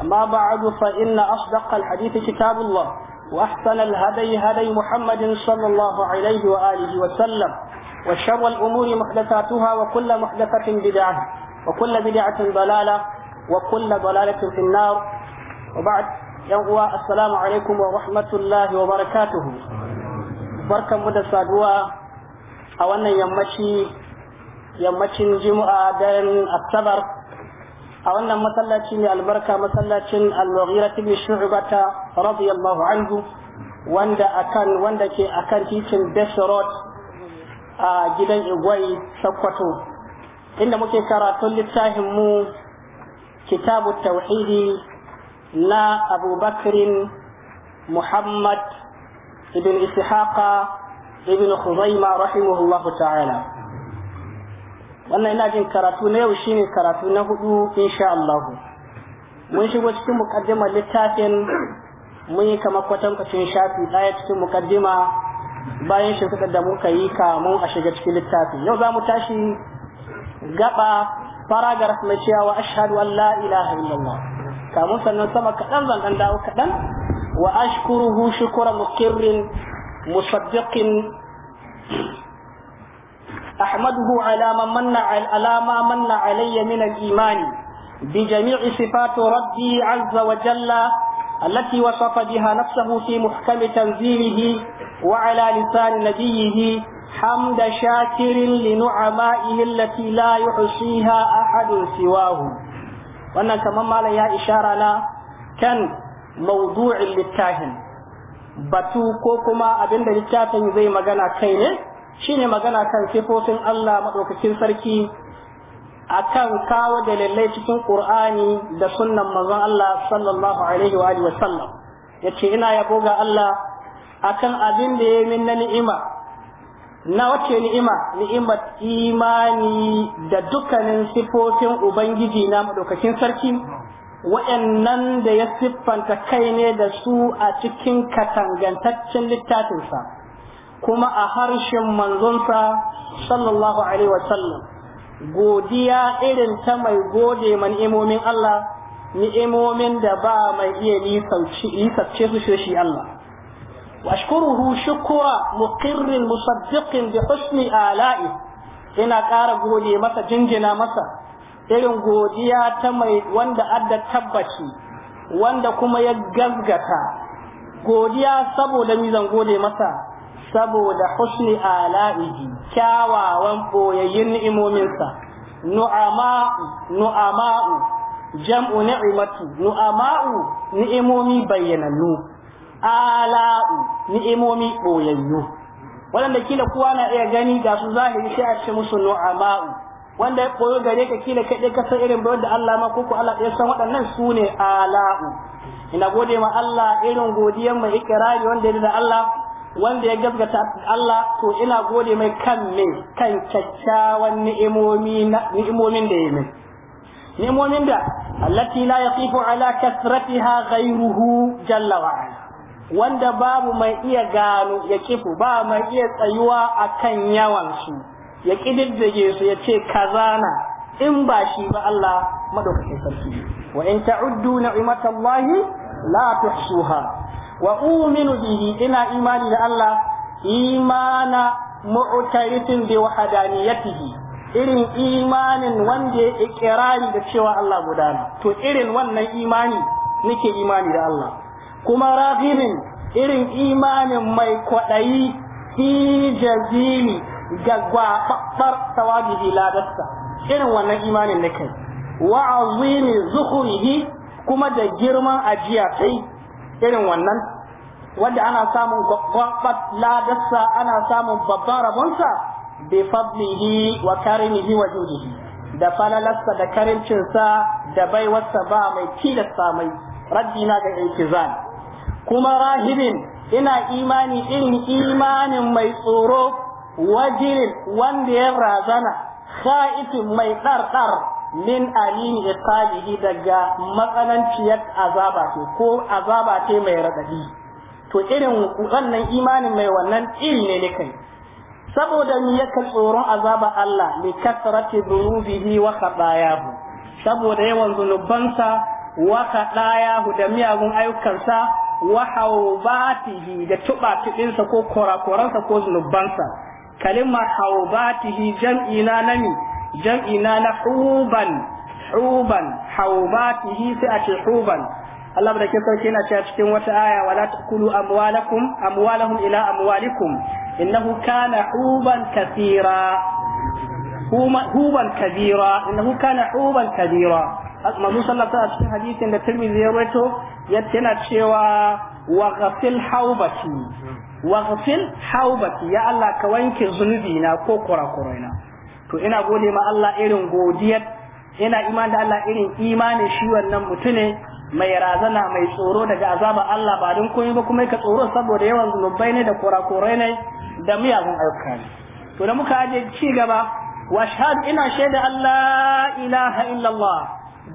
أما بعد فإن أصدق الحديث كتاب الله وأحسن الهدي هدي محمد صلى الله عليه وآله وسلم وشر الأمور محدثاتها وكل محدثة بدعة وكل بدعة ضلالة وكل ضلالة في النار وبعد يوم السلام عليكم ورحمة الله وبركاته بركة مدى سادوا أولا يمشي يمشي الجمعة دين السبر a wannan masallaci mai albarka masallacin al-mughira ibn shu'bata radiyallahu anhu wanda akan wanda ke akan titin Best a gidan Igwai Sokoto inda muke karatun littafin mu kitabu tauhidi na abubakrin muhammad ibn ishaqa ibn khuzaima rahimahullahu ta'ala wannan ina jin karatu na yau shine karatu na hudu insha Allah mun shigo cikin mukaddimar littafin mun yi kamar kwatankwacin shafi daya cikin mukaddima bayan shimfiɗar da muka yi kamu a shiga cikin littafin yau za mu tashi gaba paragraf mai cewa ashhadu an la ilaha illallah kamun sannan sama kaɗan zan ɗan dawo kaɗan wa ashkuruhu shukura mukirrin musaddiqin أحمده على ما من على ما من علي من الإيمان بجميع صفات ربي عز وجل التي وصف بها نفسه في محكم تنزيله وعلى لسان نبيه حمد شاكر لنعمائه التي لا يحصيها أحد سواه وأنا كمان ما يا إشارة لا كان موضوع للكاهن batu ko kuma abin da littafin zai magana kai ne Shi ne magana kan sifofin Allah maɗaukakin sarki a kan kawo dalilai cikin ƙur'ani da sunan mazan Allah sallallahu alaihi wa alihi wasallam yace ina yabo ga Allah a kan abin da yi min na ni'ima na wace ni'ima ni'ima imani da dukkanin sifofin ubangiji na madaukakin sarki waɗannan da ya siffanta kai ne da su a cikin katangantaccen littafinsa kuma a harshen manzonsa sallallahu alaihi wasallam godiya irin ta mai gode man imomin Allah ni'imomin da ba mai iya nisabce su shi Allah washkuruhu shukura muqirrin musaddiqin bi husni ala'i ina ƙara gode masa jinjina masa irin godiya ta mai wanda adda tabbaci wanda kuma ya gazgata godiya saboda mizan gode masa saboda husni ala'iji kyawawan boyayyun ni'imominsa nu'ama'u nu'ama'u jam'u ni'imatu nu'ama'u ni'imomi bayyanannu ala'u ni'imomi boyayyu waɗanda kila kowa na iya gani ga su zahiri sai a ce musu nu'ama'u wanda ya koyo gare ka kila kai ka san irin bayan da Allah ma koko Allah ya san waɗannan su ne ala'u ina gode ma Allah irin godiyan mai ikirari wanda ya da Allah wanda ya gaskata Allah to ina gode mai kan ne kan kyakkyawan ni'imomi ni'imomin da ya min ni'imomin da allati la yaqifu ala kasratiha ghayruhu jalla wa ala wanda babu mai iya gano ya kifu ba mai iya tsayuwa akan yawan su ya kididdige su ya ce kazana in ba shi ba Allah madaukakin sarki wa in ta'uddu ni'matallahi la tuhsuha wa uminu bihi ina imani da Allah imana mu'tarifin bi wahdaniyatihi irin imanin wanda ya ikirari da cewa Allah guda ne to irin wannan imani nake imani da Allah kuma raghibin irin imanin mai kwadayi fi jazili gagwa babbar tawabihi ladarsa irin wannan imanin nake wa azimi zuhurihi kuma da girman ajiya kai irin wannan wanda ana samun kwakwabat ladarsa ana samun babban rabonsa bi fadlihi wa karimihi wa judihi da falalarsa da karimcinsa da baiwarsa ba mai tilasta mai raddina ga intizal kuma rahibin ina imani irin imanin mai tsoro wajirin wanda ya razana khaifin mai ɗarɗar min ya iqabihi daga matsananciyar azaba ce ko azaba ce mai radadi to irin wannan imanin mai wannan iri ne ne kai saboda ni yake tsoron azaba Allah li kasrati dhunubihi wa khatayahu saboda yawan zunubansa wa khatayahu da miyagun ayyukansa wa haubatihi da tubatubinsa ko korakoransa ko zunubansa kalimar haubatihi jam'ina na nami jam'i na na huban huban haubatihi sai a ce huban Allah da ke sauke yana cewa cikin wata aya wala takulu amwalakum amwalahum ila amwalikum innahu kana huban kathira huban kabira innahu kana huban kabira manzo sallallahu alaihi cikin hadisin da Tirmidhi ya rawaito yana cewa wa ghafil haubati wa ghafil haubati ya Allah ka wanke zunubi na ko kurakuraina to ina gode ma Allah irin godiyar ina iman da Allah irin imanin shi wannan mutune mai razana mai tsoro daga azaba Allah ba don koyi ba kuma ka tsoro saboda yawan zunubai ne da kurakurai ne da miyagun ayyuka ne to da muka aje ci gaba wa shahad ina shaida Allah ilaha illallah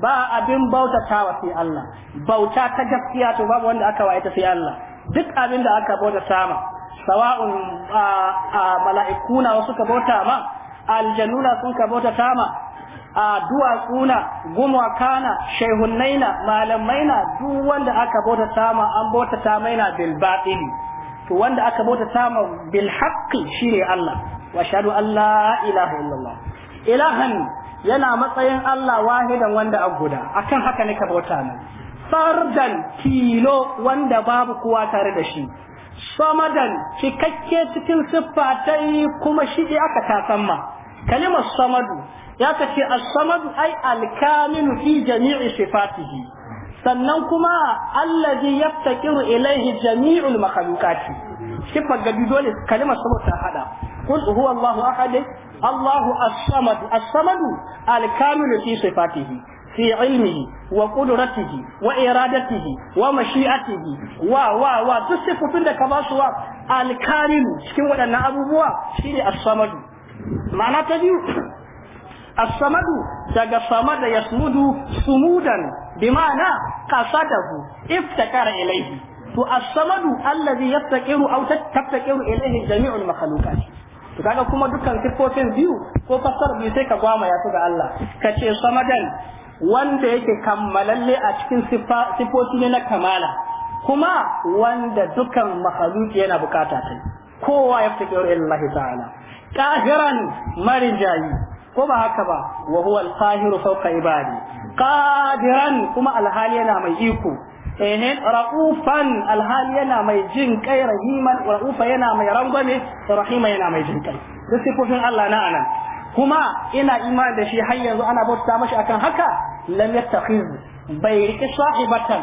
ba abin bauta bautatawa sai Allah bauta ta gaskiya to babu wanda aka waye ta sai Allah duk abin da aka bauta sama sawa'un mala'ikuna wasu ka bauta ma aljanuna sun ka bauta tama a duwatsuna gumwakana shehunnaina malamaina duk wanda aka bauta tama an bauta tamaina bil batili to wanda aka bauta tama bil haqqi shine Allah wa shahadu Allah ilaha illallah ilahan yana matsayin Allah wahidan wanda a guda akan haka ne ka bauta nan fardan kilo wanda babu kowa tare da shi samadan cikakke cikin siffatai kuma shi aka tasamma kalimar samadu ya kace as-samadu ai al-kamilu fi jami'i sifatihi sannan kuma allazi yaftakiru ilayhi jami'ul makhluqat shifa gadi dole kalimar samadu ta hada kul huwa allah ahad allah as-samadu al-kamilu fi sifatihi fi ilmihi wa qudratihi wa iradatihi wa mashi'atihi wa wa wa tusifu tunda kamasu wa al-kamilu cikin waɗannan abubuwa shine as-samadu ma'ana ta biyu as-samadu daga samada yasmudu sumudan bi ma'ana qasadahu iftakara ilayhi to as-samadu allazi yaftakiru aw tattakiru ilayhi jami'ul makhluqat to kaga kuma dukkan sifofin biyu ko fasar biyu sai ka gwama ya ga Allah kace samadan wanda yake kammalalle a cikin sifofi na kamala kuma wanda dukkan makhluqi yana bukata ta kowa yaftakiru ilayhi ta'ala kahiran marinjayi ko ba haka ba wa huwa al-qahiru fawqa ibadi qadiran kuma alhali yana mai iko ehe ra'ufan alhali yana mai jin kai rahiman yana mai rangwame rahima yana mai jin kai duk sifofin Allah na anan kuma ina imani da shi har yanzu ana bauta mashi akan haka lam yattakhiz bai rike sahibatan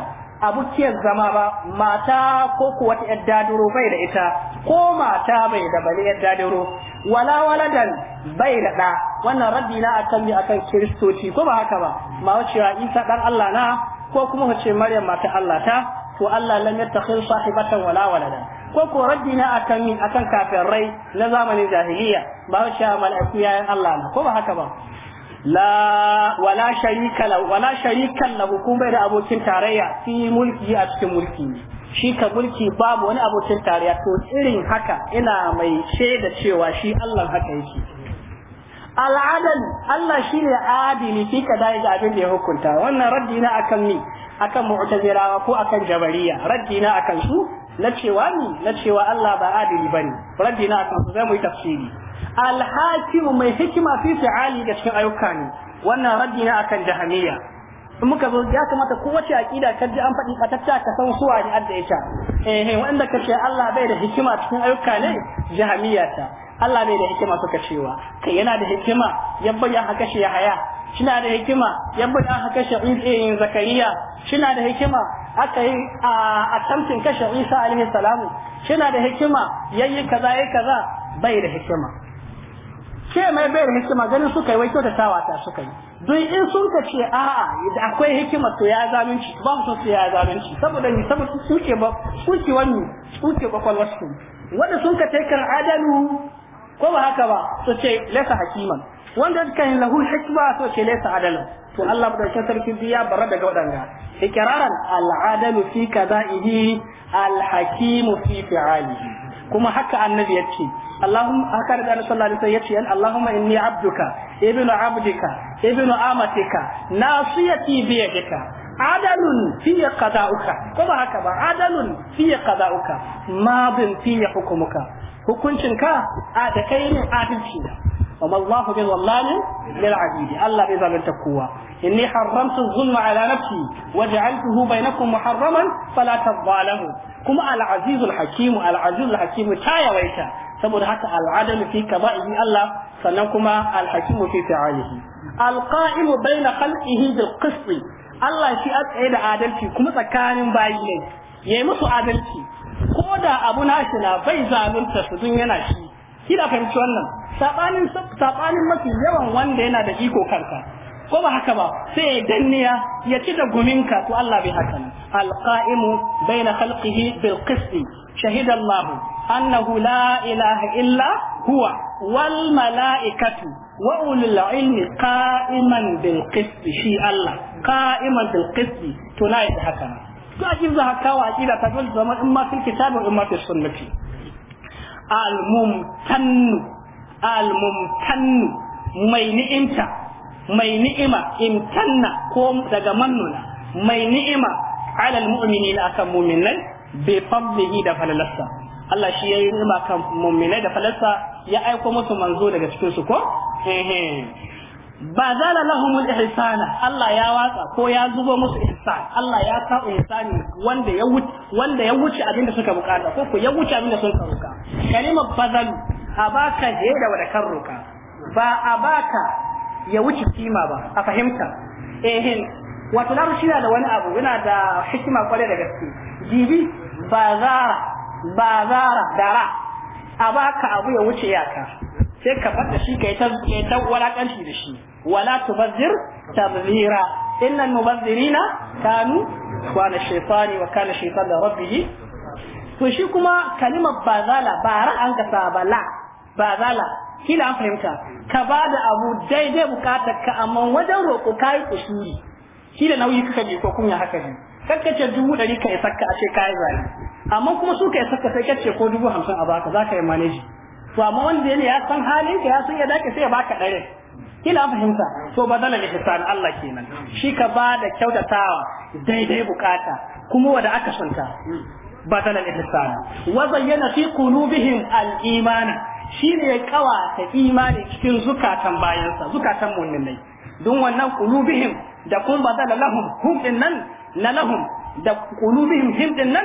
abukiyar zama ba mata ko kuwa ta daduro bai da ita ko mata bai da bale yar dadiro wala waladan bai da da wannan rabbi na akan bi akan kiristoci ko ba haka ba ma wacewa isa dan Allah na ko kuma ce maryam mata Allah ta to Allah lam yattakhil sahibatan wala waladan ko ko rabbi na akan min akan kafirai na zamanin jahiliya ba wacewa mala'iku Allah na ko ba haka ba la wala sharika la wala sharikan la hukumai da abokin tarayya fi mulki a cikin mulki shi ka mulki babu wani abokin tarayya to irin haka ina mai shaida cewa shi Allah haka yake al'adal Allah shi ne adili fi ka dai ga abin da ya hukunta wannan raddi na akan ni akan mu'tazila ko akan jabariya raddi na akan su na cewa ni na cewa Allah ba adili bane raddi na akan su zai mu yi tafsiri alhakimu mai hikima fi fi'ali ga cikin ayyuka ne wannan raddi na akan jahamiya in muka zo ya kamata ko wace aqida ka ji an faɗi katacca ka san suwa ne adda ita eh eh wanda ka ce Allah bai da hikima cikin ayyuka ne jahamiya ta Allah bai da hikima suka cewa kai yana da hikima yabba ya haka shi ya haya shina da hikima yabba ya haka shi in eh, zakariya shina da hikima aka yi a tamtin kashe Isa alaihi salamu shina da hikima yayi kaza yayi kaza bai da hikima ce mai bayar hikima ganin suka yi wai kyautatawa ta suka yi don in sun ka ce a'a da akwai hikima to ya zalunci ba su su ya zalunci saboda ni saboda suke ba suke wani suke kwakwalwar su wanda sun ka taikar adalu ko ba haka ba su ce lesa hakiman wanda kan lahu hikma to ce lesa adalu, to Allah mu madaukakin sarki biya bara daga wadanga ikraran al-adalu fi qada'ihi al-hakimu fi fi'alihi kuma haka annabi yace اللهم هكذا قال صلى الله عليه وسلم اللهم إني عبدك ابن عبدك ابن أمتك ناصيتي بيدك عدل في قضاؤك كما هكذا عدل في قضاؤك ماض في حكمك hukuncinka a da kai ne adalci ne wa Allahu bi wallahi lil abid Allah bai zalunta kowa inni haramtu zulma ala nafsi wa ja'altuhu bainakum muharraman fala tadhalamu kuma al hakimu al hakimu ta yawaita saboda haka al-adal fi kaba'ihi Allah sannan kuma al-hakimu fi fi'alihi al-qa'imu baina khalqihi bil qist Allah shi a tsaye da adalci kuma tsakanin bayi ne yayi musu adalci ko da abu nashi na bai zalunta su dun yana shi kina fahimci wannan sabanin sabanin mafi yawan wanda yana da iko karka ko ba haka ba sai ya danniya ya ci da guminka to Allah bai haka ne alqaimu baina khalqihi bil qisti shahida Allah annahu la ilaha illa huwa wal malaikatu wa ulul ilmi qa'iman bil qisti shi Allah qa'iman bil qisti to na yi haka ne to akin za haka wa akida ta dole zama in ma fil kitabi in ma fil sunnati al mumtannu al mumtannu mai ni'imta mai ni'ima in kanna ko daga mannuna mai ni'ima alal mu'minina akan mu'minai bi fadlihi da falalasa Allah shi yi ni'ima kan mu'minai da falalasa ya aiko musu manzo daga cikin su ko ba zala lahumul ihsana Allah ya watsa ko ya zubo musu ihsan Allah ya sa ihsani wanda ya wuce wanda ya wuce abinda suka bukata ko ko ya wuce abinda sun karuka kalimar bazal abaka je da wada karruka ba abaka ya wuce kima ba a fahimta eh wato lamu na da wani abu yana da hikima kwarai da gaske jibi ba zara ba zara dara a baka abu ya wuce yaka sai ka fada shi ka yi ta ta walakanci da shi wala tubazzir tabzira innal mubazzirina kanu kana shaytani wa kana shaytan da rabbih to shi kuma kalimar bazala bara an ka sabala ba zala kila an fahimta ka ba da abu daidai bukatar ka amma wajen roƙo yi kusuri kila da nauyi kuka ji ko kunya haka ne kakkace dubu ɗari ka isakka a ce kayi zali amma kuma su ka isakka sai kace ko dubu hamsin a baka za ka yi maneji to amma wanda yana ya san halin ka ya san ya dace sai ya baka ɗare kila an fahimta to badala ne hisan Allah kenan shi ka ba da kyautatawa daidai bukata kuma wanda aka Ba badala ne hisan wa zayyana fi qulubihim al-imana shi ne ya kawata imani cikin zukatan bayansa zukatan mu'minai don wannan qulubihim da kun ba badala lahum hum nan na lahum da qulubihim him din nan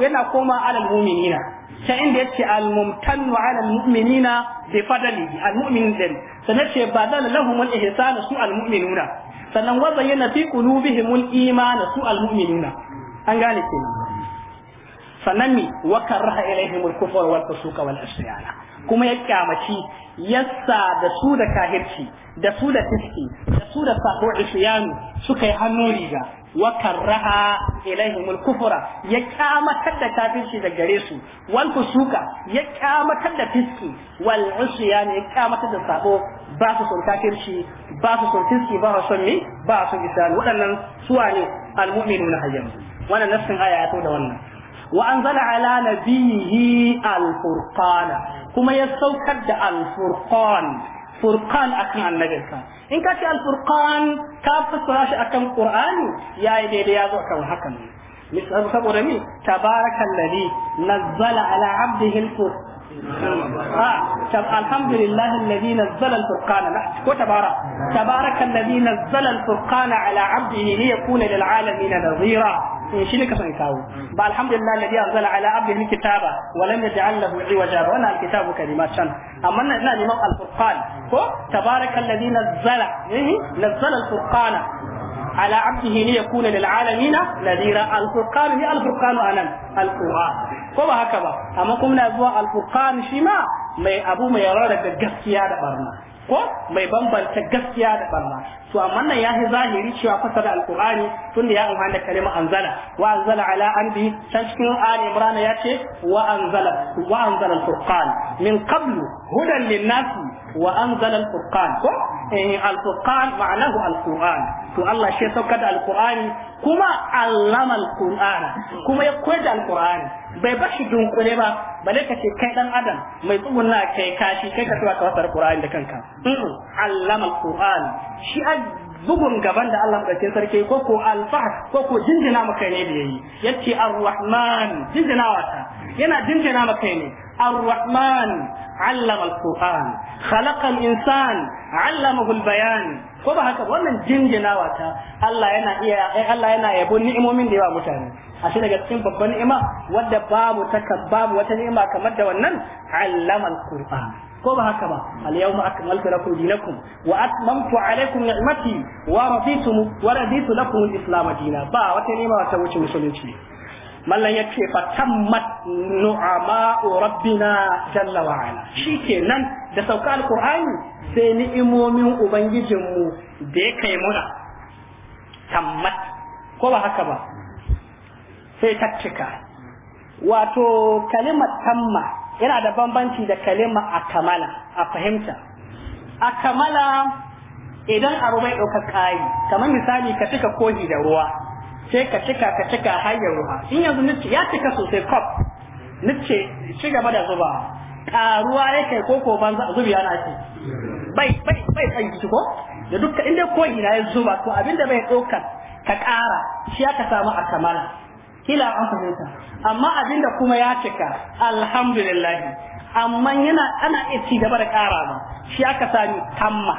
yana koma alal mu'minina ta inda yace al mumtannu ala al mu'minina bi fadli al mu'minin din sanan ce badala lahum al ihsan su al mu'minuna sannan wazayyana fi qulubihim al iman su al mu'minuna an gane kenan sannan mi wa karaha ilaihim al-kufr wal fusuq wal asyana kuma ya kyamaci yassa da su da kahirci da su da fiski da su da sako isyanu suka yi hannu riga wa karaha ilaihim al-kufr ya kyamatar da kafirci da gare su wal fusuka ya kyamatar da fiski wal isyanu ya kyamatar da sako ba su son kafirci ba su son fiski ba su son mi ba su isyanu waɗannan suwa ne al-mu'minuna hayyan wannan nassin aya ya to da wannan وأنزل على نبيه الفرقان كما يستوكد الفرقان فرقان أكن النبي إن كانت الفرقان كافة سراش أكن قرآن يا إلي ليازو كو حكم مثل رمي تبارك الذي نزل على عبده الفرقان آه، الحمد لله الذي نزل الفرقان تبارك الذي نزل الفرقان على عبده ليكون للعالمين نظيرا eh shi ne ka sai kawo ba alhamdulillah alladhi anzala ala abdihi kitaba wa lam yaj'al lahu iwaja wa na alkitabu kalimatan amma na ina neman alfurqan ko tabaraka alladhi nazzala eh nazzala alfurqana ala abdihi ne yakuna lil alamin nadira alfurqan ni alfurqan anan alquran ko ba haka ba amma kuma na zuwa alfurqan shi ma mai abu mai yarda da gaskiya da barna ko mai bambanta gaskiya da barna to amma nan ya fi zahiri cewa fasara alqur'ani tunda ya amfana kalmar anzala wa anzala ala anbi san cikin ali imran ya ce wa anzala wa anzala alfurqan min qablu hudan lin wa anzala al-furqan ko eh al-furqan ma'anahu al-qur'an to Allah shi sauka da al-qur'ani kuma allama al-qur'an kuma ya koyar da al-qur'ani bai shi dunkule ba bale ka ce kai dan adam mai tsugunna kai kashi kai ka tura ka wasar qur'ani da kanka mm, allama al-qur'an shi bugun gaban da Allah madaukakin sarki ko ko alfah ko ko jinjina maka ne da yayi yace ar-rahman jinjina wata yana jinjina maka ne ar-rahman allama alquran khalaqal insan allamahu albayan ko ba haka wannan jinjinawa ta Allah yana iya Allah yana yabo ni'imomin da yawa mutane ashe daga cikin babban ni'ima wadda babu ta babu wata ni'ima kamar da wannan allama alquran ko ba haka ba al yawma akmaltu lakum dinakum wa atmamtu alaykum ni'mati wa raditu wa raditu lakum al-islam dinan ba wata ni'ima ta wuce musulunci mallan ya ce fa tammat nu'ama rabbina jalla wa ala nan da sauka alqur'ani sai ni'imomin mu da ya kai muna tammat ko ba haka ba sai ta cika wato kalimar tamma yana da bambanci da kalimar akamala a fahimta akamala idan abu bai ɗaukar ƙari kamar misali ka cika kohi da ruwa sai ka cika ka cika har ruwa in yanzu nace ya cika sosai cup nace ci gaba da zuba karuwa yake ko ko banza zubi yana ce bai bai bai san ki ko da dukkan inda ko ina ya zuba to abinda bai ɗaukar ka ƙara shi aka samu a kamala kila an fahimta amma abinda kuma ya cika alhamdulillah amma yana ana iya ci gaba da ƙara ba shi aka sami tamma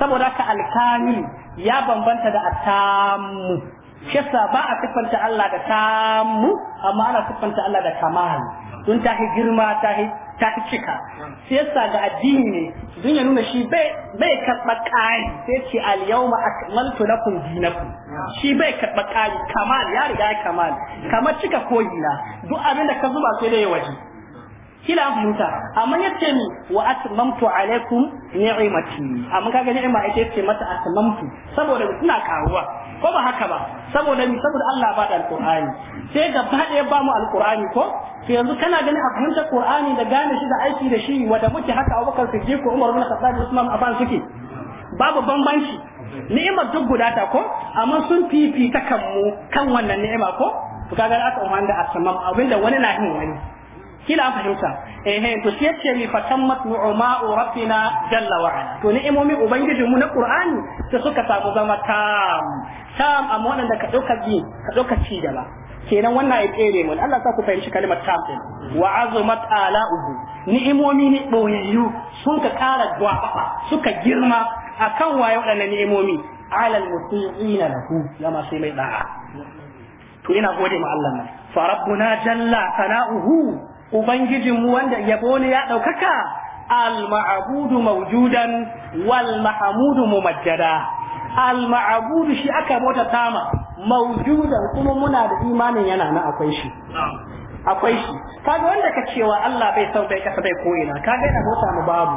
saboda ka alkamil ya bambanta da atamu shi ba a siffanta Allah da tamu amma ana siffanta Allah da kamal don ta fi girma ta fi ta cika shi yasa ga addini ne don ya nuna shi bai bai karɓa kai sai ce al yawma akmaltu lakum dinakum shi bai karɓa kai kamal ya riga ya kamal kamar cika koyi na duk abin da ka zuba sai da ya waje kila an fahimta amma ya ce ni wa atmamtu alaikum ni'imati amma kaga ni'ima ake ce mata atmamtu saboda suna karuwa ko ba haka ba saboda ni saboda Allah ba da alqur'ani sai gaba ɗaya ba mu alqur'ani ko to yanzu kana ganin a fahimta qur'ani da gane shi da aiki da shi wanda muke haka Abubakar Siddiq ko Umar bin Khattab Usman Affan suke babu bambanci ni'imar duk guda ta ko amma sun fifita kanmu kan wannan ni'ima ko to kaga aka umanda a abinda wani na hin wani kila an fahimta eh to shi mi fatammat rabbina jalla wa ala to ubangijin mu na qur'ani ta suka samu zama tam tam amma wannan da ka dauka bi ka dauka ci gaba kenan wannan ya tsere mu Allah sa ku fahimci kalmar tam din wa ala'uhu ni'imomi ne boyayyu sun ka kara duwaba suka girma akan waye waɗannan ni'imomi lahu sai mai da'a to ina gode ma Allah nan fa rabbuna jalla sana'uhu ubangijinmu wanda yabo ne ya ɗaukaka al maabudu mawjudan wal Mu mumajjada al maabudu shi aka mota tama mawjudan kuma muna da imanin yana na akwai shi akwai shi kaga wanda ka cewa Allah bai san bai kasa bai koyina kaga yana bota mu babu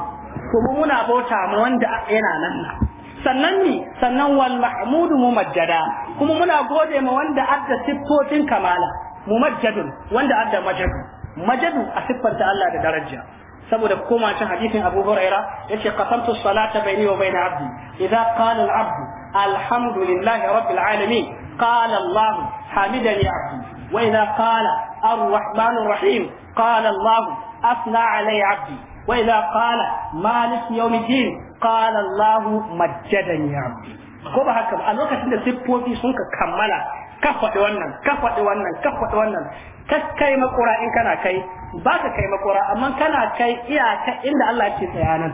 kuma muna bota mu wanda yana nan sannan ni sannan wal Mu mumajjada kuma muna gode ma wanda adda siffofin kamala mumajjadun wanda adda majjadun. majadu a siffanta Allah da daraja saboda koma cin hadisin Abu Huraira yace qasamtu salata bayni wa bayna abdi idza qala al-abdu alhamdulillahi rabbil alamin qala Allah hamidani abdi wa idza qala ar-rahman rahim qala Allah asna alayya abdi wa idza qala malik yawm din qala Allah majjadani abdi ko ba haka a lokacin da siffofi sun ka kammala ka faɗi wannan ka faɗi wannan ka faɗi wannan kai makura in kana kai ba ka kai makura amma kana kai iyaka inda Allah ya ce tsayanan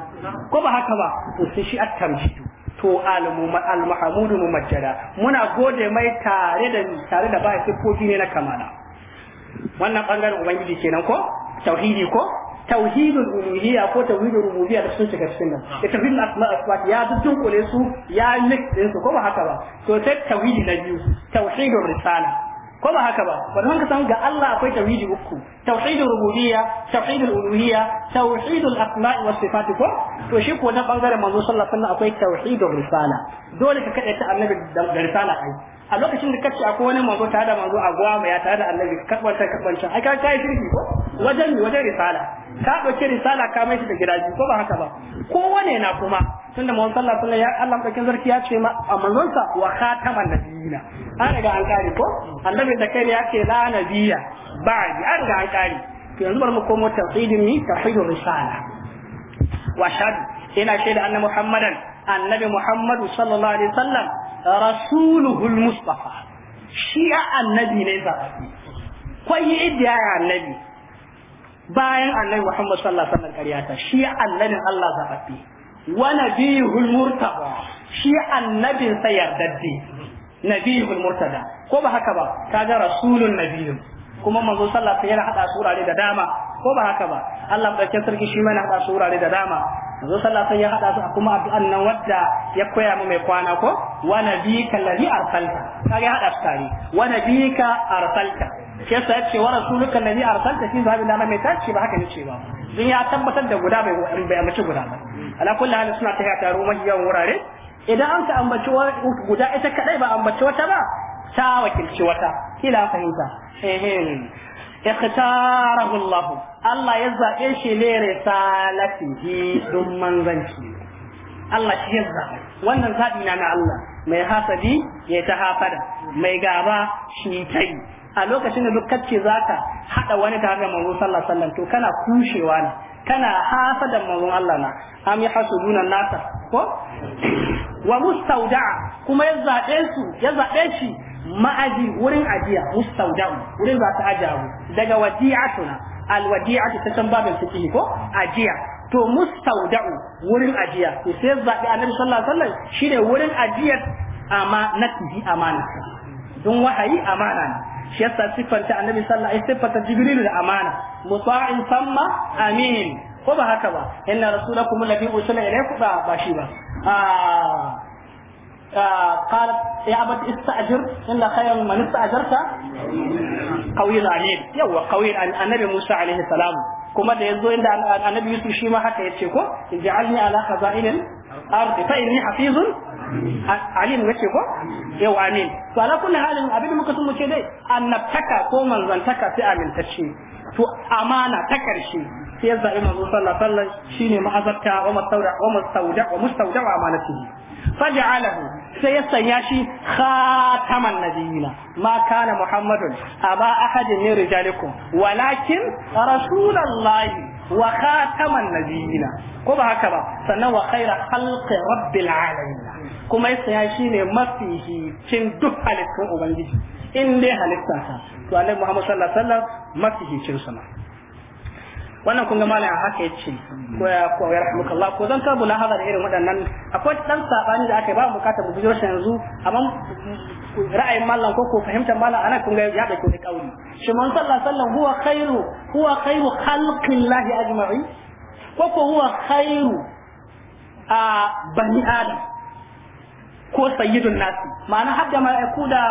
ko ba haka ba to sai shi at-tamjidu to al-mahmudu mumajjada muna gode mai tare da tare da ba sifofi ne na kamala wannan bangaren ubangiji kenan ko tauhidi ko tauhidul uluhiyya ko tauhidul rububiyya da sun shiga cikin nan da tauhidul asma asfat ya dunkule su ya mix din su ko ba haka ba to sai tauhidi na biyu tauhidul risala ko ba haka ba wannan ka san ga Allah akwai tauhidi uku tauhidul rububiyya tauhidul uluhiyya tauhidul asma'i was sifati ko to shi ko na bangaren manzo sallallahu alaihi wasallam akwai tauhidur risala dole ka kade ta annabi da risala ai a lokacin da kace akwai wani manzo tare da manzo a gwama ya tare da annabi kabanta kabanta ai ka kai shirki ko wajen wajen risala ka dauke risala ka mai shi da gidaje ko ba haka ba wane na kuma tunda mun sallah sallah ya Allah dauke zarki ya ce ma a sa wa khataman nabiyina an daga an kare ko annabi da kai ya ce la nabiyya ji an daga an kare to yanzu bar mu komo tawhidin ta tawhidur risala wa shahadu ina shaida anna muhammadan annabi muhammadu sallallahu alaihi wasallam rasuluhul mustafa shi annabi ne zaɓaɓɓe kwai idiya annabi bayan annabi Muhammad sallallahu alaihi wasallam ƙarya ta shi annabin Allah zababbe wa nabiyul murtada shi annabin sa yardadde nabiyul murtada ko ba haka ba kaga rasulun nabiyyu kuma manzo sallallahu alaihi wasallam yana hada surare da dama ko ba haka ba Allah madaukakin sarki shi mana hada surare da dama manzo sallallahu alaihi wasallam ya hada su kuma addu'an nan wadda ya koya mu mai kwana ko wa nabiyika allazi arsalta kaga ya hada su tare wa nabiyika arsalta shi yasa yace wa rasuluka alladhi arsalta fi zahabi lana mai tace ba haka yace ba sun ya tabbatar da guda bai bai amince guda ba ala kulli hal suna ta taro mahiyan wurare idan an ka ambaci guda ita kadai ba ambaci wata ba ta wakilci wata kila fahimta ehem ikhtarahu Allah Allah ya zabe shi ne risalatihi dun manzanci Allah shi ya zabe wannan zabi na na Allah mai hasadi ya ta hafada mai gaba shi ta tai a lokacin da duk kace zaka hada wani tare da manzo sallallahu alaihi wasallam to kana kushewa ne kana da manzon Allah na am yahsuduna nasa ko wa mustauda'a kuma ya zabe su ya zabe shi ma'aji wurin ajiya mustauda'u wurin za ta ajabu daga wadi'atuna alwadi'atu ta san babin fiqh ko ajiya to mustauda'u wurin ajiya to sai zabe annabi sallallahu alaihi wasallam shine wurin ajiyar na natihi amana dun wahayi amana ne shi yasa siffanta annabi sallallahu alaihi wasallam siffanta jibril da amana muta'in samma amin ko ba haka ba inna rasulakum alladhi ursila ilaykum ba ba shi ba قال يا أبت استأجر إن خير من استأجرت قوي العنيد يو قوي النبي Musa عليه السلام kuma da yazo inda annabi Yusuf shi ma haka yace ko ij'alni ala khaza'inil ardi fa inni hafizun alim nace ko yau amin to ala kulli halin abin da muka sun muke dai annabtaka ko manzantaka sai amintacce to amana ta karshe sai ya zabi manzo sallallahu alaihi wasallam shine ma'azarta wa mustawda wa mustawda wa mustawda wa amanatihi faj'alahu sai ya sanya shi khataman nabiyina ma kana muhammadun aba ahadin min rijalikum walakin rasulullahi wa khataman nabiyina ko ba haka ba sannan wa khaira khalqi rabbil alamin kuma ya saya shine mafi hicin duk halittun ubangiji in dai halitta ta to alai muhammad sallallahu alaihi wasallam mafi hicin sama wannan kun ga malam haka yace ko ya ko ya allah ko zan kabu na hadar irin waɗannan akwai dan sabani da aka yi ba mu kata mu bijo shi yanzu amma ra'ayin mallam ko ko fahimtar mallam ana kun ga ya da ko kauli shi man sallallahu alaihi wasallam huwa khairu huwa khairu khalqillahi ajma'i ko ko huwa khairu a bani adam ko sayyidun nasi ma'ana har da mala'iku da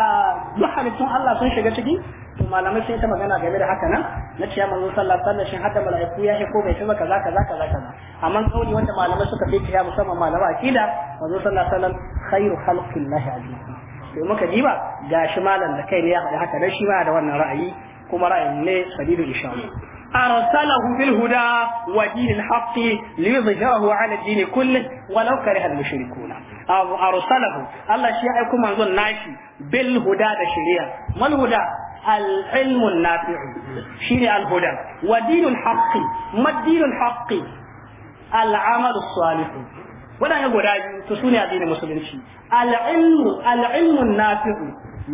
duk halittun Allah sun shiga ciki to malamai sun ta magana game da haka nan na ciya manzon sallallahu alaihi shin har mala'iku ya ko komai shi ba kaza kaza kaza kaza amma kauli wanda malamai suka fi ciya musamman malama akida manzon sallallahu alaihi wasallam khairu khalqillahi ajma'in to muka diba gashi malam da kai ne ya faɗi haka dan shi ma da wannan ra'ayi kuma ra'ayin ne sadidu insha Allah أرسله بالهدى ودين الحق ليظهره على الدين كله ولو كره المشركون أو أرسله الله شيء يكون منظور ناشي بالهدى الشريعة ما الهدى العلم النافع شيء الهدى ودين الحق ما الدين الحق العمل الصالح ولا يقول تسوني الدين المسلمين العلم العلم النافع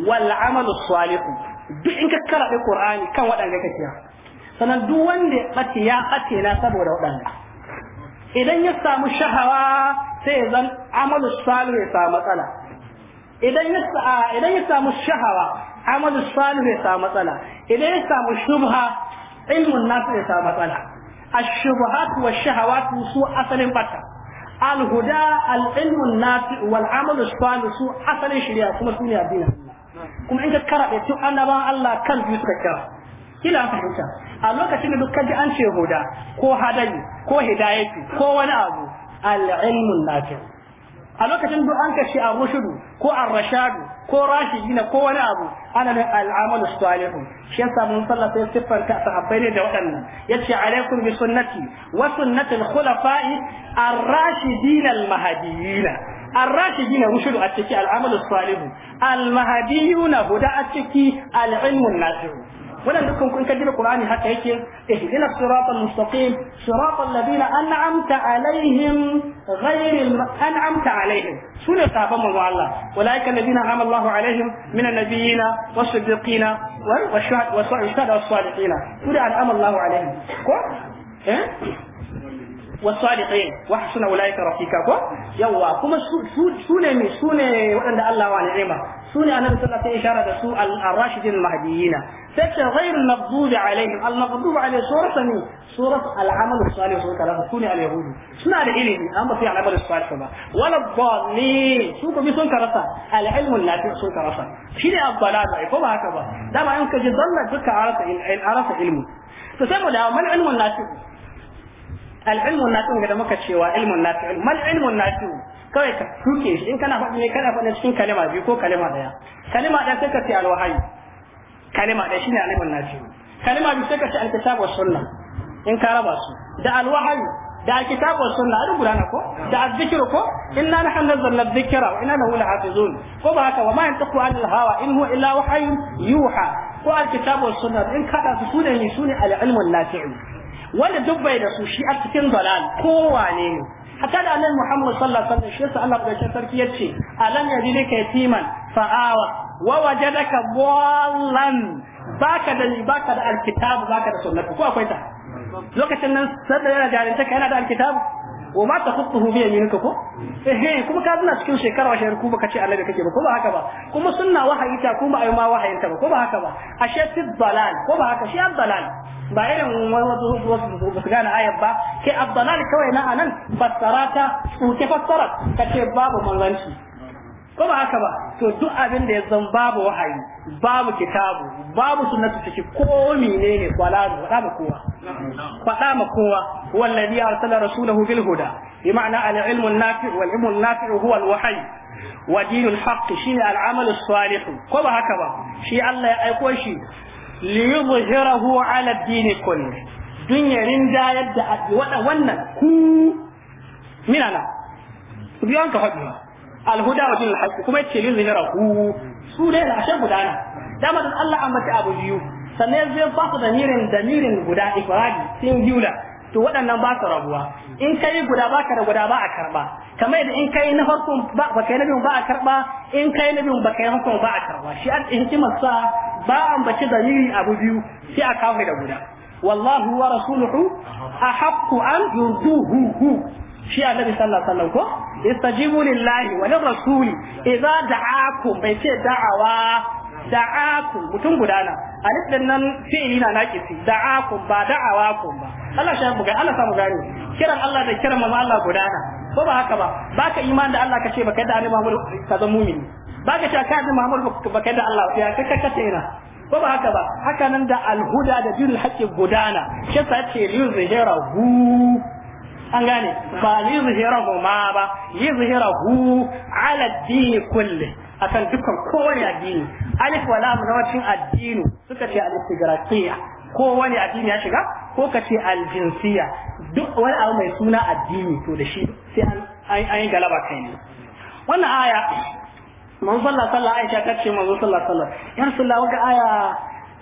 والعمل الصالح duk in ka karaɗe Qur'ani kan waɗanda kake sannan duk wanda ya ɓace ya ɓace na saboda waɗanda idan ya samu shahawa sai ya zan amalu salu ya samu matsala idan ya samu shahawa amalu salu ya samu matsala idan ya samu shubha ilmun nasu ya samu matsala a shubhatu wa shahawatu su asalin fata alhuda al'ilmun nasu wal'amalu salu su asalin shirya kuma su ne addinin kuma in ka karaɗe tun ba Allah kan biyu suka kyara kina fahimta a lokacin da duk kaji an ce huda ko hadayi ko hidayatu ko wani abu al-ilmun nafi a lokacin duk an kashi abu shudu ko ar-rashadu ko rashidina ko wani abu ana da al-amalu salihun shi yasa mun sallah siffar ta sahabbai ne da waɗannan yace alaikum bi sunnati wa sunnati al-khulafa'i ar-rashidin al-mahdiyyin ar-rashidin rushudu a ciki al-amalu salihun al-mahdiyuna huda a ciki al-ilmun nafi wannan dukkan kun ka diba qur'ani haka yake ihdina siratal mustaqim siratal ladina an'amta alaihim ghayril an'amta alaihim sune sahabban manzo Allah ulaika alladina an'ama Allahu alaihim minan nabiyina was-siddiqina wa shuhada was-salihin sune an'ama Allahu alaihim ko eh والصالحين وحسن أولئك رفيقا كو يوا كما سونة مي سونة وأن الله وعن نعمة سونة أنا بسنة إشارة سوء الراشدين المهديين سكة غير المغضوب عليهم المغضوب عليه سورة سمي سورة العمل الصالح سورة كلام سونة اليهود سونة العلم أما في العمل الصالح ما ولا الضالين سوكو بي سونة رسا العلم النافع سونة رسا شيني الضلال كما هكذا دابا يمكن جدا لك عرف علم فسمو دابا من علم النافع al'ilmun nafi'u da muka cewa ilmun nafi'u mal ilmun nafi'u kawai ka tuke in kana faɗi ne kana faɗin cikin kalima biyu ko kalima daya kalima daya sai ka ce alwahayi kalima daya shine alimun nafi'u kalima biyu sai ka ce alkitabu was in ka raba da alwahayi da alkitabu was sunna gudana ko da azzikru ko inna nahnu nazzalna dhikra wa inna lahu lahafizun ko ba haka wa ma yantaku anil hawa in huwa illa wahyun yuha ko alkitabu in kada su sune sune alilmun nafi'u wanda duk bai da su shi a cikin dalal kowane ne A da annabi Muhammad sallallahu alaihi wasallam shi yasa Allah ce. sarki yace alam yajidika yatiman fa'awa wa wajadaka dallan baka da baka da alkitab baka da sunnah ko akwai ta lokacin nan sanda yana jarinta yana da alkitab wa ma ta khuttuhu bi yaminika ko eh kuma ka zuna cikin shekara washe ku baka ce da kake ba ko ba haka ba kuma sunna wahayi ta kuma ayi ma wahayin ta ba ko ba haka ba ashe tiddalal ko ba haka shi abdalal ba irin wasu wasu ba su gane ayat ba ke abdalal kawai na anan fassarata tsuke fassarar kace babu manzanci ko ba haka ba to duk abin da ya zan babu wahayi babu kitabu babu sunnatu take ko ne kwala faɗa ma kowa faɗa ma kowa wallazi arsala rasulahu bil huda bi ma'ana al ilmu nafi' wal ilmu nafi' huwa al wahy wa dinul haqq shine al amal salih ko ba haka ba shi Allah ya aiko shi li yuzhirahu ala din kulli dunyarin da yadda wannan ku minana biyan ka faɗi al huda wa dinul haqq kuma yace li yuzhirahu su dai na shan gudana dama dan Allah ambaci abu biyu sannan zai ba su damirin damirin guda ifradi singular to waɗannan ba su rabuwa in kai guda ba ka da guda ba a karba kamar yadda in kai na farko ba kai na biyun ba a karba in kai na biyun ba kai na ba a karba shi an hikimar sa ba ambaci damiri abu biyu sai a kawai da guda wallahu wa rasuluhu ahaqqu an yurduhu shi annabi sallallahu alaihi wasallam ko istajibu lillahi wa lirrasuli idza da'akum bai ce da'awa da'akum mutum gudana alif din nan na naqisi da'akum ba da'awakum ba Allah shi mu ga Allah samu kiran Allah da kiran manzo Allah gudana ko ba haka ba baka iman da Allah baka da annabi Muhammad ka zama mu'mini baka ce ka da Muhammad baka da Allah ya ko ba haka ba haka nan da alhuda da dinul haqqi gudana shi sa ce liyuzhirahu an gane ba li zuhirahu ma ba li zuhirahu ala dini kulli akan dukkan kowane addini alif wa lam na wacin addini suka ce al-istigraqiyya kowane addini ya shiga ko ka ce al-jinsiyya duk wani abu mai suna addini to da shi sai an yi galaba kai ne wannan aya manzo sallallahu alaihi wasallam aisha ta ce manzo sallallahu alaihi wasallam ya rasulullah ga aya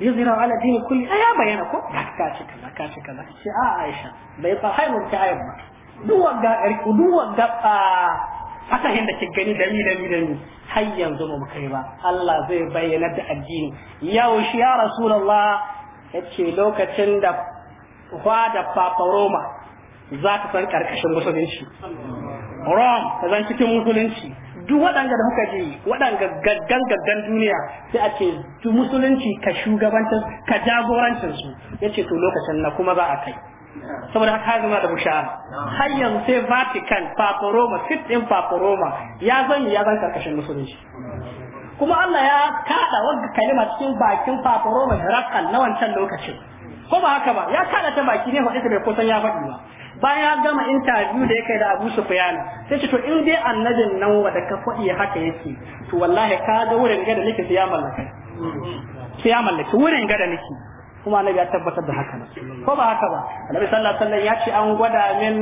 yuzira ala dini kulli ya bayyana ko ka ci kaza ka ci kaza ce a Aisha bai fa hai mun ta ba. duk wanda irku duk wanda haka da ke gani da ni da ni da ni har yanzu ba mu kai ba Allah zai bayyana da addini yau shi ya rasulullah yace lokacin da fa da papa Roma za ta san karkashin musulunci Rome ta zan cikin musulunci duk waɗanda da muka je waɗanda gaggan gaggan duniya sai a ce tu musulunci ka shugabantar ka jagorancin su ce to lokacin na kuma za a kai saboda haka zama da bushara har yanzu sai Vatican Papa Roma fit din Papa Roma ya zan ya zan karkashin musulunci kuma Allah ya kada wagga kalima cikin bakin Papa Roma da na wancan lokacin ko ba haka ba ya kada ta baki ne faɗi ta bai kusan ya faɗi ba bayan ya gama interview da yake da Abu Sufyan sai ce to in dai annabin nan wanda ka faɗi haka yake to wallahi ka ga wurin ga da nake sai ya mallaka sai ya mallaki wurin ga da nake kuma annabi ya tabbatar da haka ko ba haka ba annabi sallallahu alaihi wasallam ya ce an gwada min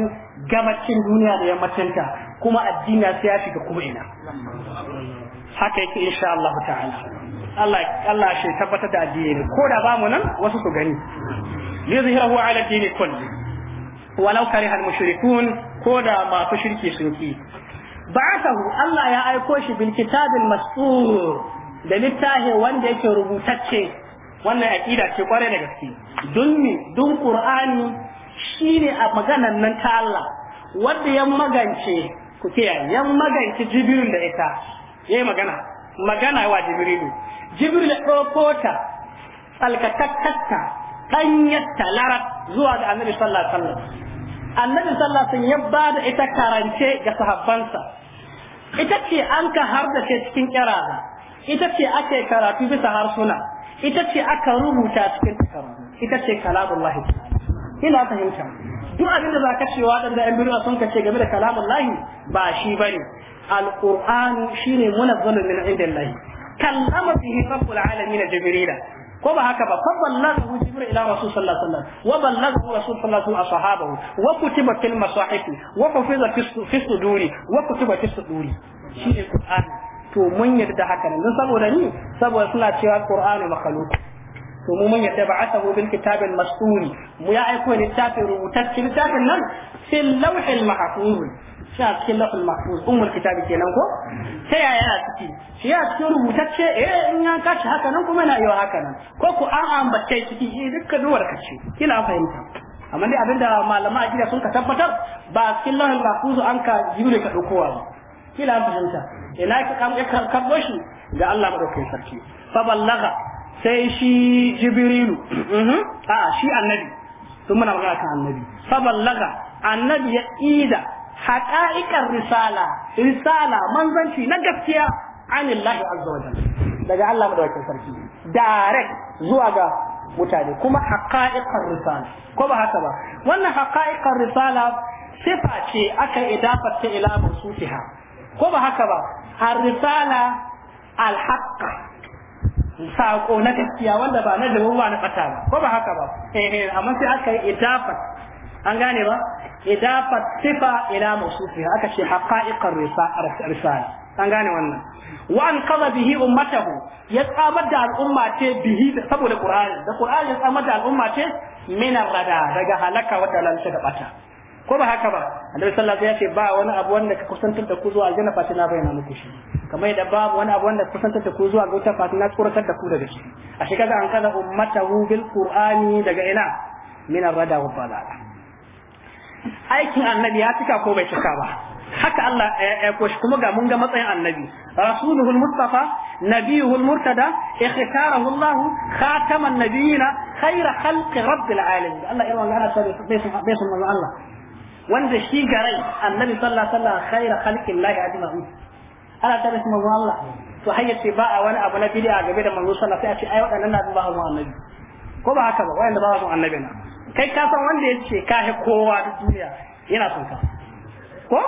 gabacin duniya da yammacinta kuma addini sai ya shiga kuma ina haka yake insha Allah ta'ala Allah Allah shi tabbatar da addini ko da ba mu nan wasu su gani li zahirahu ala dini kulli walau karihal mushrikun ko da masu shirki sun ki ba'athahu Allah ya aiko shi bil kitabil mas'ur da littafi wanda yake rubutacce wannan aqida ce kware da gaske dunni dun qur'ani shine a maganan nan ta Allah wanda ya magance ku kiyaye ya magance jibril da ita yayi magana magana wa jibrilu jibril da ɗaukota tsalkatakkata ɗanyatta larat zuwa ga annabi sallallahu alaihi wasallam annabi sallallahu alaihi wasallam ya bada ita karance ga sahabbansa ita ce an ka hardace cikin kirara ita ce ake karatu bisa harsuna ita ce aka rubuta cikin takardu ita ce kalamullahi ina fahimta duk abin da zaka ce waɗanda ɗan biyu sun ka ce game da kalamullahi ba shi bane alqur'anu shine munazzalun min indillahi kallama bihi rabbul alamin jibrila ko ba haka ba fa ballahu jibril ila rasul sallallahu alaihi wasallam wa ballahu rasul sallallahu alaihi ashabahu wa kutiba fil masahif wa hufiza fi suduri wa kutiba fi suduri shine qur'ani to mun yarda haka nan saboda ni saboda suna cewa qur'ani makhluq to mu mun yarda ba'athahu bil kitabil mas'ul mu ya aiko littafin rubutacce littafin nan fil lawhil mahfuz shi a cikin lafin mahfuz ummul kitabi kenan ko ta yaya yana ciki shi ya cikin rubutacce eh in ya kashi haka nan kuma yana yi haka nan ko ku an ambace ciki eh dukkan duwar kace kina fahimta amma dai abinda malama a gida sun ka tabbatar ba a cikin lafin mahfuz an ka jibril ka dokowa ba kila fahimta ina ka kam ka karbo shi ga Allah madaukakin sarki fa ballaga sai shi jibrilu mhm. a shi annabi sun muna magana kan annabi fa ballaga annabi ya ida haƙa'iƙar risala risala manzanci na gaskiya anillahi azza wa daga Allah madaukakin sarki direct zuwa ga mutane kuma haƙa'iƙar risala ko ba haka ba wannan haƙa'iƙar risala sifa ce aka idafar ta ila mawsufiha ko ba haka ba ar-risala al-haqqa sako na gaskiya wanda ba na dawo ba na fata ba ko ba haka ba eh, eh amma sai aka yi idafar an gane ba idafat sifa ila mawsufiha aka ce haqa'iqar risala an gane wannan wa an qada bihi ummatahu ya tsamar da al'umma ce bihi saboda qur'ani da qur'ani ya tsamar da al'umma ce min rada daga halaka wadda lalata da bata ko ba haka ba annabi sallallahu alaihi wasallam ya ce ba wani abu wanda ka kusantar da ku zuwa aljanna fa na bayyana muku shi kamar da babu wani abu wanda ka kusantar da ku zuwa ga wuta fa na tsoratar da ku daga shi a shekara an kada ummatahu bil qur'ani daga ina min ar-rada wa dalala aikin annabi ya cika ko bai cika ba haka Allah ya aiko shi kuma ga mun ga matsayin annabi rasuluhul mustafa nabiyuhul murtada ikhtarahu Allah khataman nabiyina khayra khalqi rabbil alamin Allah ya wanga ana sabai bai sun bai sun Allah wanda shi garai annabi sallallahu alaihi wasallam khayra khalqillahi ajma'in ana tabbata sun Allah to hayyace ba a wani abu na bid'a game da manzo sallallahu alaihi wasallam sai a ce ai waɗannan na ba mu annabi ko ba haka ba wanda ba mu annabi na kai ka san wanda ya ce ka kowa duk duniya yana son ka ko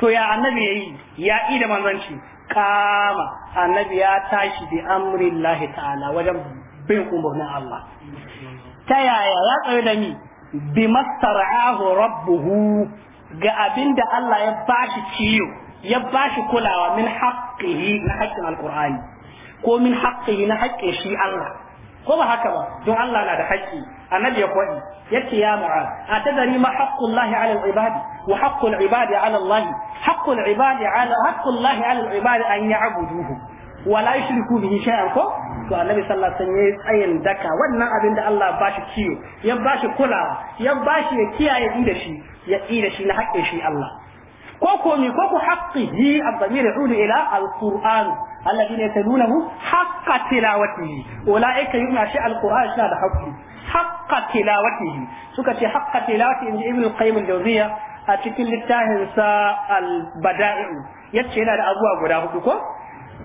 to ya annabi yayi ya yi da manzanci kama annabi ya tashi bi amrillahi ta'ala wajen bin umarnin Allah ta yaya ya tsaye da ni bi mastara'ahu rabbuhu ga da Allah ya bashi ciyo ya bashi kulawa min haƙƙi na haƙƙin Alƙur'ani, ko min haƙƙi na haƙƙin shi Allah ko ba haka ba don Allah na da haƙƙi annabi ya faɗi yace ya mu'az atadari ma haqqullahi 'ala al-ibadi wa haqqul ibadi 'ala Allah haqqul ibadi 'ala haqqullahi 'ala al-ibadi an ya'buduhu wa la yushriku bihi shay'an ko to annabi sallallahu alaihi wasallam tsayin daka wannan abin da Allah ba shi kiyo ya ba shi kulawa ya ba shi ya kiyaye din da shi ya tsira shi na haƙƙin shi Allah ko komi ko ku haqqihi abdamir yu'udu ila al-qur'an alladhina yatlunahu haqqa tilawatihi yi yuna shi alquran shi da haqqi haqqa tilawatihi suka ce haqqa tilawati inji ibnu al-qayyim al a cikin littafin sa al-bada'i'u yace yana da abubuwa guda hudu ko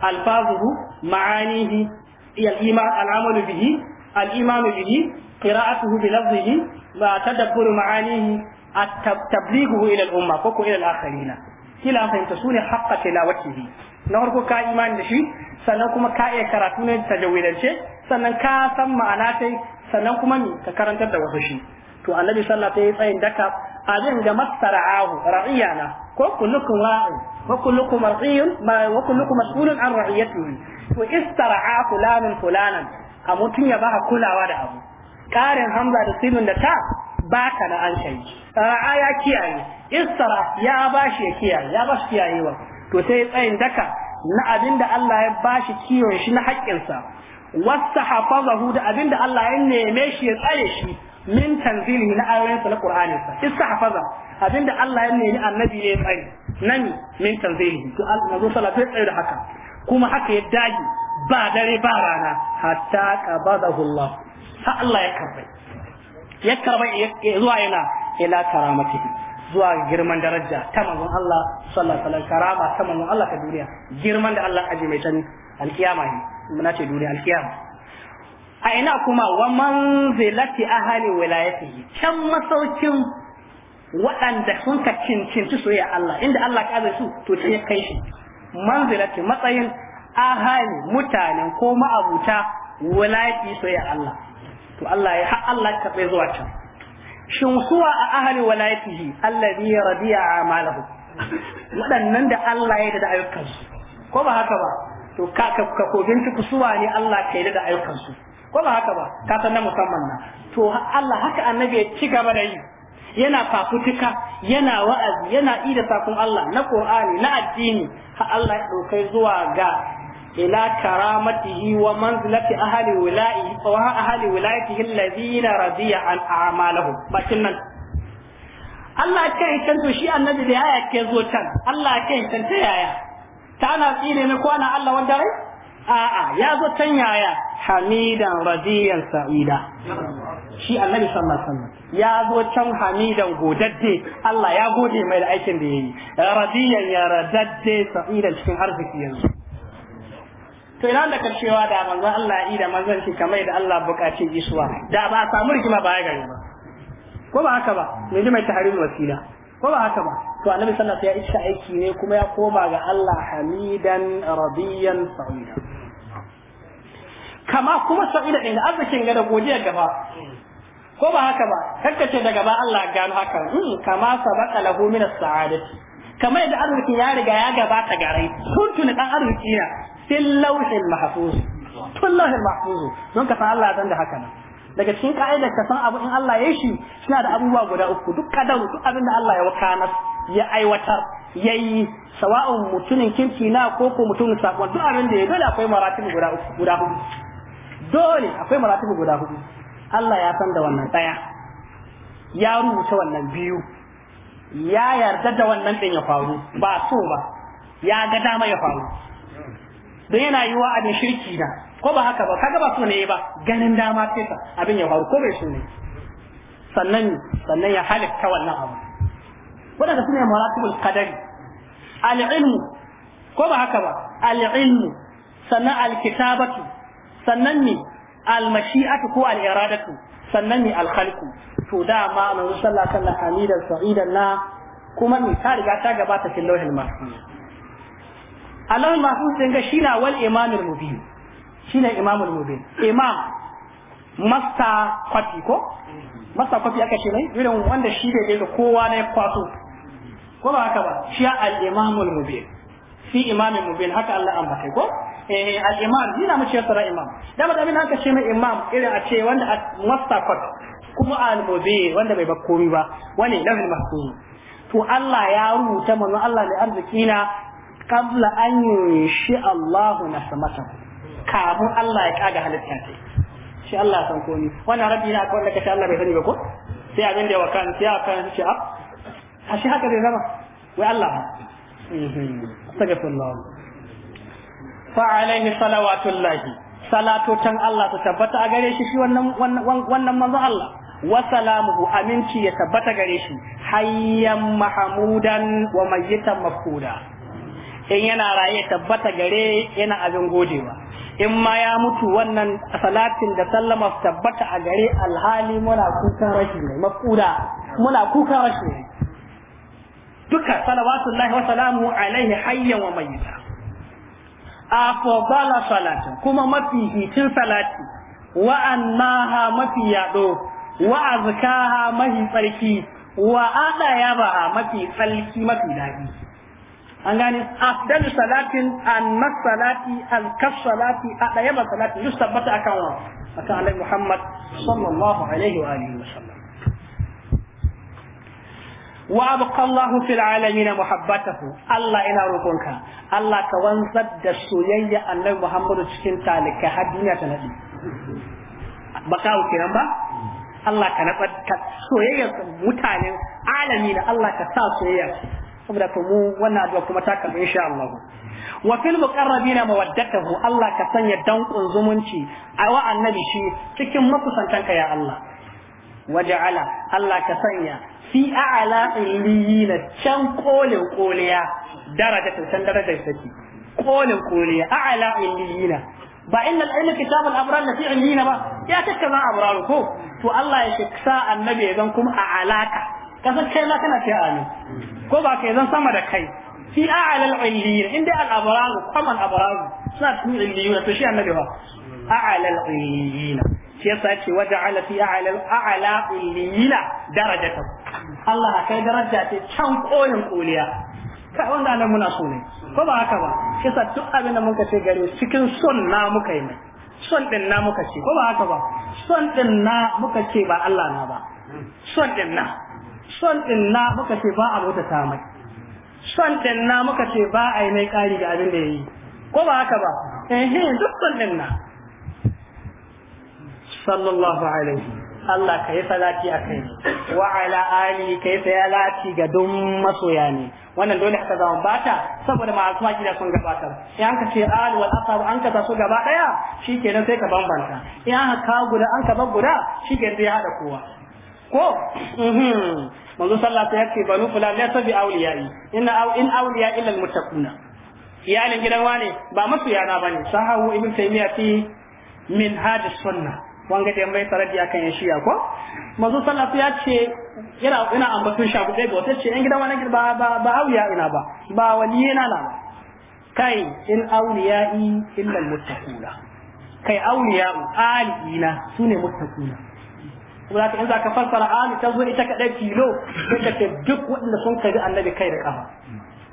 alfazuhu ma'anihi al-iman al-amalu bihi al-iman bihi qira'atuhu bi lafzihi wa tadabburu ma'anihi at-tablighu ila al-umma ko ko ila al-akharina kila fahimta su ne haƙƙa tilawatihi na farko ka imani da shi sannan kuma ka iya karatu ne ta tajawidance sannan ka san ma'ana tai sannan kuma mi ka karantar da wasu shi to annabi sallallahu ta yi tsayin daka abin ga mastara'ahu ra'iyana ko kullukum ra'u, wa kullukum mar'iyun wa kullukum mas'ulun an ra'iyatihi to istara'a fulanun fulanan a mutun ya ba kulawa da abu karin hamza da sinin da ta baka na an kai ra'a ya kiyaye istara ya bashi ya kiyaye ya bashi kiyayewa to sai tsayin daka na abinda Allah ya bashi kiyon shi na haƙƙinsa wasta hafazahu da abinda Allah ya neme shi ya tsaye shi min tanzili na ayoyinsa na Qur'anin sa iska hafaza abinda Allah ya nemi annabi ne tsaye nan min tanzili to Allah zo salatu ya tsaye da haka kuma haka ya dage ba dare ba rana hatta qabadahu Allah ha Allah ya karbai ya karba zuwa ina ila karamati zuwa girman daraja ta manzon Allah sallallahu alaihi wasallam karama ta manzon Allah ta duniya girman da Allah aji mai tani alkiyama ne muna ce duniya alkiyama a ina kuma wa manzilati ahli wilayatihi can masaukin waɗanda sun ka cincinci soyayya Allah inda Allah ka azai su to ce ya kai shi manzilati matsayin ahali mutanen ko ma'abuta wilayati soyayya Allah to Allah ya har Allah ya karbe zuwa can shin suwa a ahli walayatihi alladhi radiya amalahu waɗannan da Allah ya da da su ko ba haka ba to ka ka kogin ku suwa ne Allah ka yi da su ko ba haka ba ka san na musamman na to Allah haka annabi ya ci gaba da yi yana fafutuka yana wa'azi yana ida sakon Allah na Qur'ani na addini har Allah ya dauke zuwa ga إلى كرامته ومنزلة أهل ولائه وأهل ولايته الذين رضي عن أعمالهم بشنن Allah kai kan to shi annabi da yaya ke zo can Allah kai kan yaya ta na tsine ne ko ana Allah wanda rai a'a ya zo can yaya hamidan radiyan sa'ida shi annabi sallallahu alaihi wasallam ya zo can godadde Allah ya gode mai da aikin da yayi radiyan ya cikin arziki yanzu to ina da karshewa da manzon Allah yi da manzon shi kamar da Allah bukaci isuwa da ba samu rigima ba ya gari ba ko ba haka ba me ji mai tahrim wasila ko ba haka ba to annabi sallallahu alaihi wasallam ya isa aiki ne kuma ya koma ga Allah hamidan radiyan sa'ida kama kuma sa'ida din arzikin ga da godiyar gaba ko ba haka ba kakkace daga ba Allah gano haka hmm, kama sabaka lahu min as-sa'adati kamar da arzikin ya riga ya gabata garai sun dan arziki ya fil lauhin mahfuz tun lauhin mahfuz don ka san Allah dan da haka nan daga cikin ka'idar ka san abu in Allah ya shi suna da abubuwa guda uku duk kadaru duk abin da Allah ya wakana ya aiwatar yayi sawa'un mutumin kirki na ko ko mutumin sakon duk abin da ya dole akwai maratibu guda uku guda hudu dole akwai maratibu guda hudu Allah ya san da wannan daya ya rubuta wannan biyu ya yarda da wannan din ya faru ba so ba ya ga dama ya faru don yana yi wa abin shirki na ko ba haka ba kaga ba so ne ba ganin dama sai abin ya faru ko bai so ne sannan sannan ya halitta wannan abu wadanda sune maratibul qadari al-ilmu ko ba haka ba al-ilmu sannan al-kitabatu sannan ne al-mashi'atu ko al-iradatu sannan ne al-khalqu to da ma annabi sallallahu alaihi wasallam hamidan sa'idan na kuma ni ta riga ta gabata fil lawhil mahfuz Allah mahfuz din ga shine wal imamul mubin shine imamul mubin imam masta kwafi ko Masta kwafi aka ce mai irin wanda shi bai da kowa ne kwaso ko ba haka ba shi al imamul mubin fi imamin mubin haka Allah an bakai ko eh, eh al imam yana mu ce sara imam da ba da min haka ce mai imam irin a ce wanda masta kwafi kuma al mubin wanda bai ba komi ba wani lafin mahfuz to Allah ya rubuta manzo Allah ne arziki na Kabla an yunshi Allahu nasmatahu kamun Allah ya kaga halitta ta shi Allah san komi wannan rabbi na akwai da kace Allah bai sani ba ko sai abin da ya wakan sai kan shi ah, a A shi haka zai zama wai Allah astaghfirullah fa alaihi salawatullahi salatu tan Allah ta tabbata a gare shi shi wannan wannan manzo Allah wa salamuhu aminci ya tabbata gare shi hayyan mahamudan wa mayyitan mafkuda in yana raye tabbata gare yana abin godewa in ma ya mutu wannan salatin da sallama tabbata a gare alhali muna kukan rashi ne makuda muna kukan rashi ne duka salawatullahi wa salamu alaihi hayyan wa mayyita afdala salatin kuma mafi hitin salati wa annaha mafi yado wa azkaha mafi tsarki wa adaya mafi tsarki mafi dadi an gane afdal salatin an masalati al kaf salati a daya ba salati duk tabbata akan wa akan alai muhammad sallallahu alaihi wa alihi wasallam wa abqa Allah fil alamin muhabbatahu Allah ina roƙonka Allah ka wanzar da soyayya annabi Muhammad cikin talika har duniya ta nadi baka kenan ba Allah ka nabar soyayyar mutanen alami na Allah ka sa soyayya saboda to mu wannan addu'a kuma ta karbi insha Allah wa fil muqarrabina mawaddatahu Allah ka sanya danƙun zumunci a wa annabi shi cikin makusantanka ya Allah waja'ala Allah ka sanya fi a'la illiyina can kolin koliya daraja ta san daraja kolin koliya a'la illiyina ba inna al-ilmi kitabul abrar la fi illiyina ba ya abrar ko to Allah ya shiksa annabi ya zan kuma a alaka kasan kai ma kana ce amin ko ba kai zan sama da kai fi a'lal illiyin inda al-abrar kaman abrar suna cikin illiyin to shi annabi ba a'lal illiyin shi yasa ce waja'ala fi a'lal a'la illiyin darajatan Allah kai daraja ce can koyin koliya ka wanda nan muna so ne ko ba haka ba shi yasa duk abin da muka ce gare cikin son na muka yi mai son din na muka ce ko ba haka ba son din na muka ce ba Allah na ba son din na son din na muka ce ba a bauta ta mai son din na muka ce ba a yi mai kari ga abin da yayi ko ba haka ba eh duk son din na sallallahu alaihi Allah ka yi salati a kai wa ala ali ka yi salati ga don masoya ne wannan dole aka zama bata saboda masu maki da sun gabatar in ka ce al wal asar an ka su gaba daya shikenan sai ka bambanta in ka guda an ka bar guda shikenan sai ya hada kowa ko mhm manzo sallallahu alaihi wasallam banu fulan la tabi awliyai inna aw in awliya illa almuttaquna iyalin gidan wane ba masu yana bane sahahu ibn taymiya fi min hadis sunnah wanga da mai taradi akan ya shiya ko manzo sallallahu alaihi wasallam ya ce yana ina ambatun shagu dai ba ce in gidan wane ba ba ba awliya ina ba ba waliyina na la kai in awliyai illa almuttaquna kai awliya aliina sune muttaquna saboda in zaka fassara ali ta zo ita kaɗai tilo sai ka duk waɗanda sun kaji annabi kai da kafa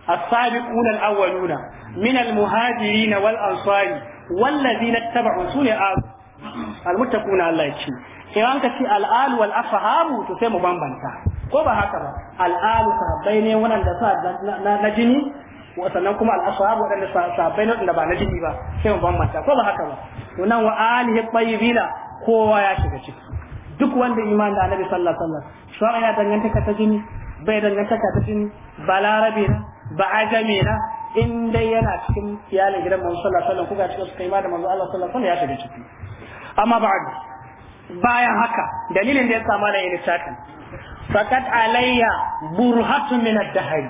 السابقون الأولون من المهاجرين والأنصار والذين اتبعوا سنة المتقون الله يكشي in an ka ce al'alu wal afahamu to sai mu bambanta ko ba haka ba al'alu sahabbai ne waɗanda sa na jini sannan kuma al'asahabu waɗanda sahabbai ne waɗanda ba na jini ba sai mu bambanta ko ba haka ba kowa ya shiga ciki duk wanda iman da annabi sallallahu alaihi wasallam ya danganta ka ta jini bai ka ta jini ba larabe na ba ajami na in dai yana cikin iyalin gidan manzo sallallahu alaihi wasallam kuka cikin su kai ma da manzo Allah sallallahu alaihi wasallam ya shiga ciki amma ba'd bayan haka dalilin da ya sa mana yin shakan faqat alayya burhatun min ad-dahr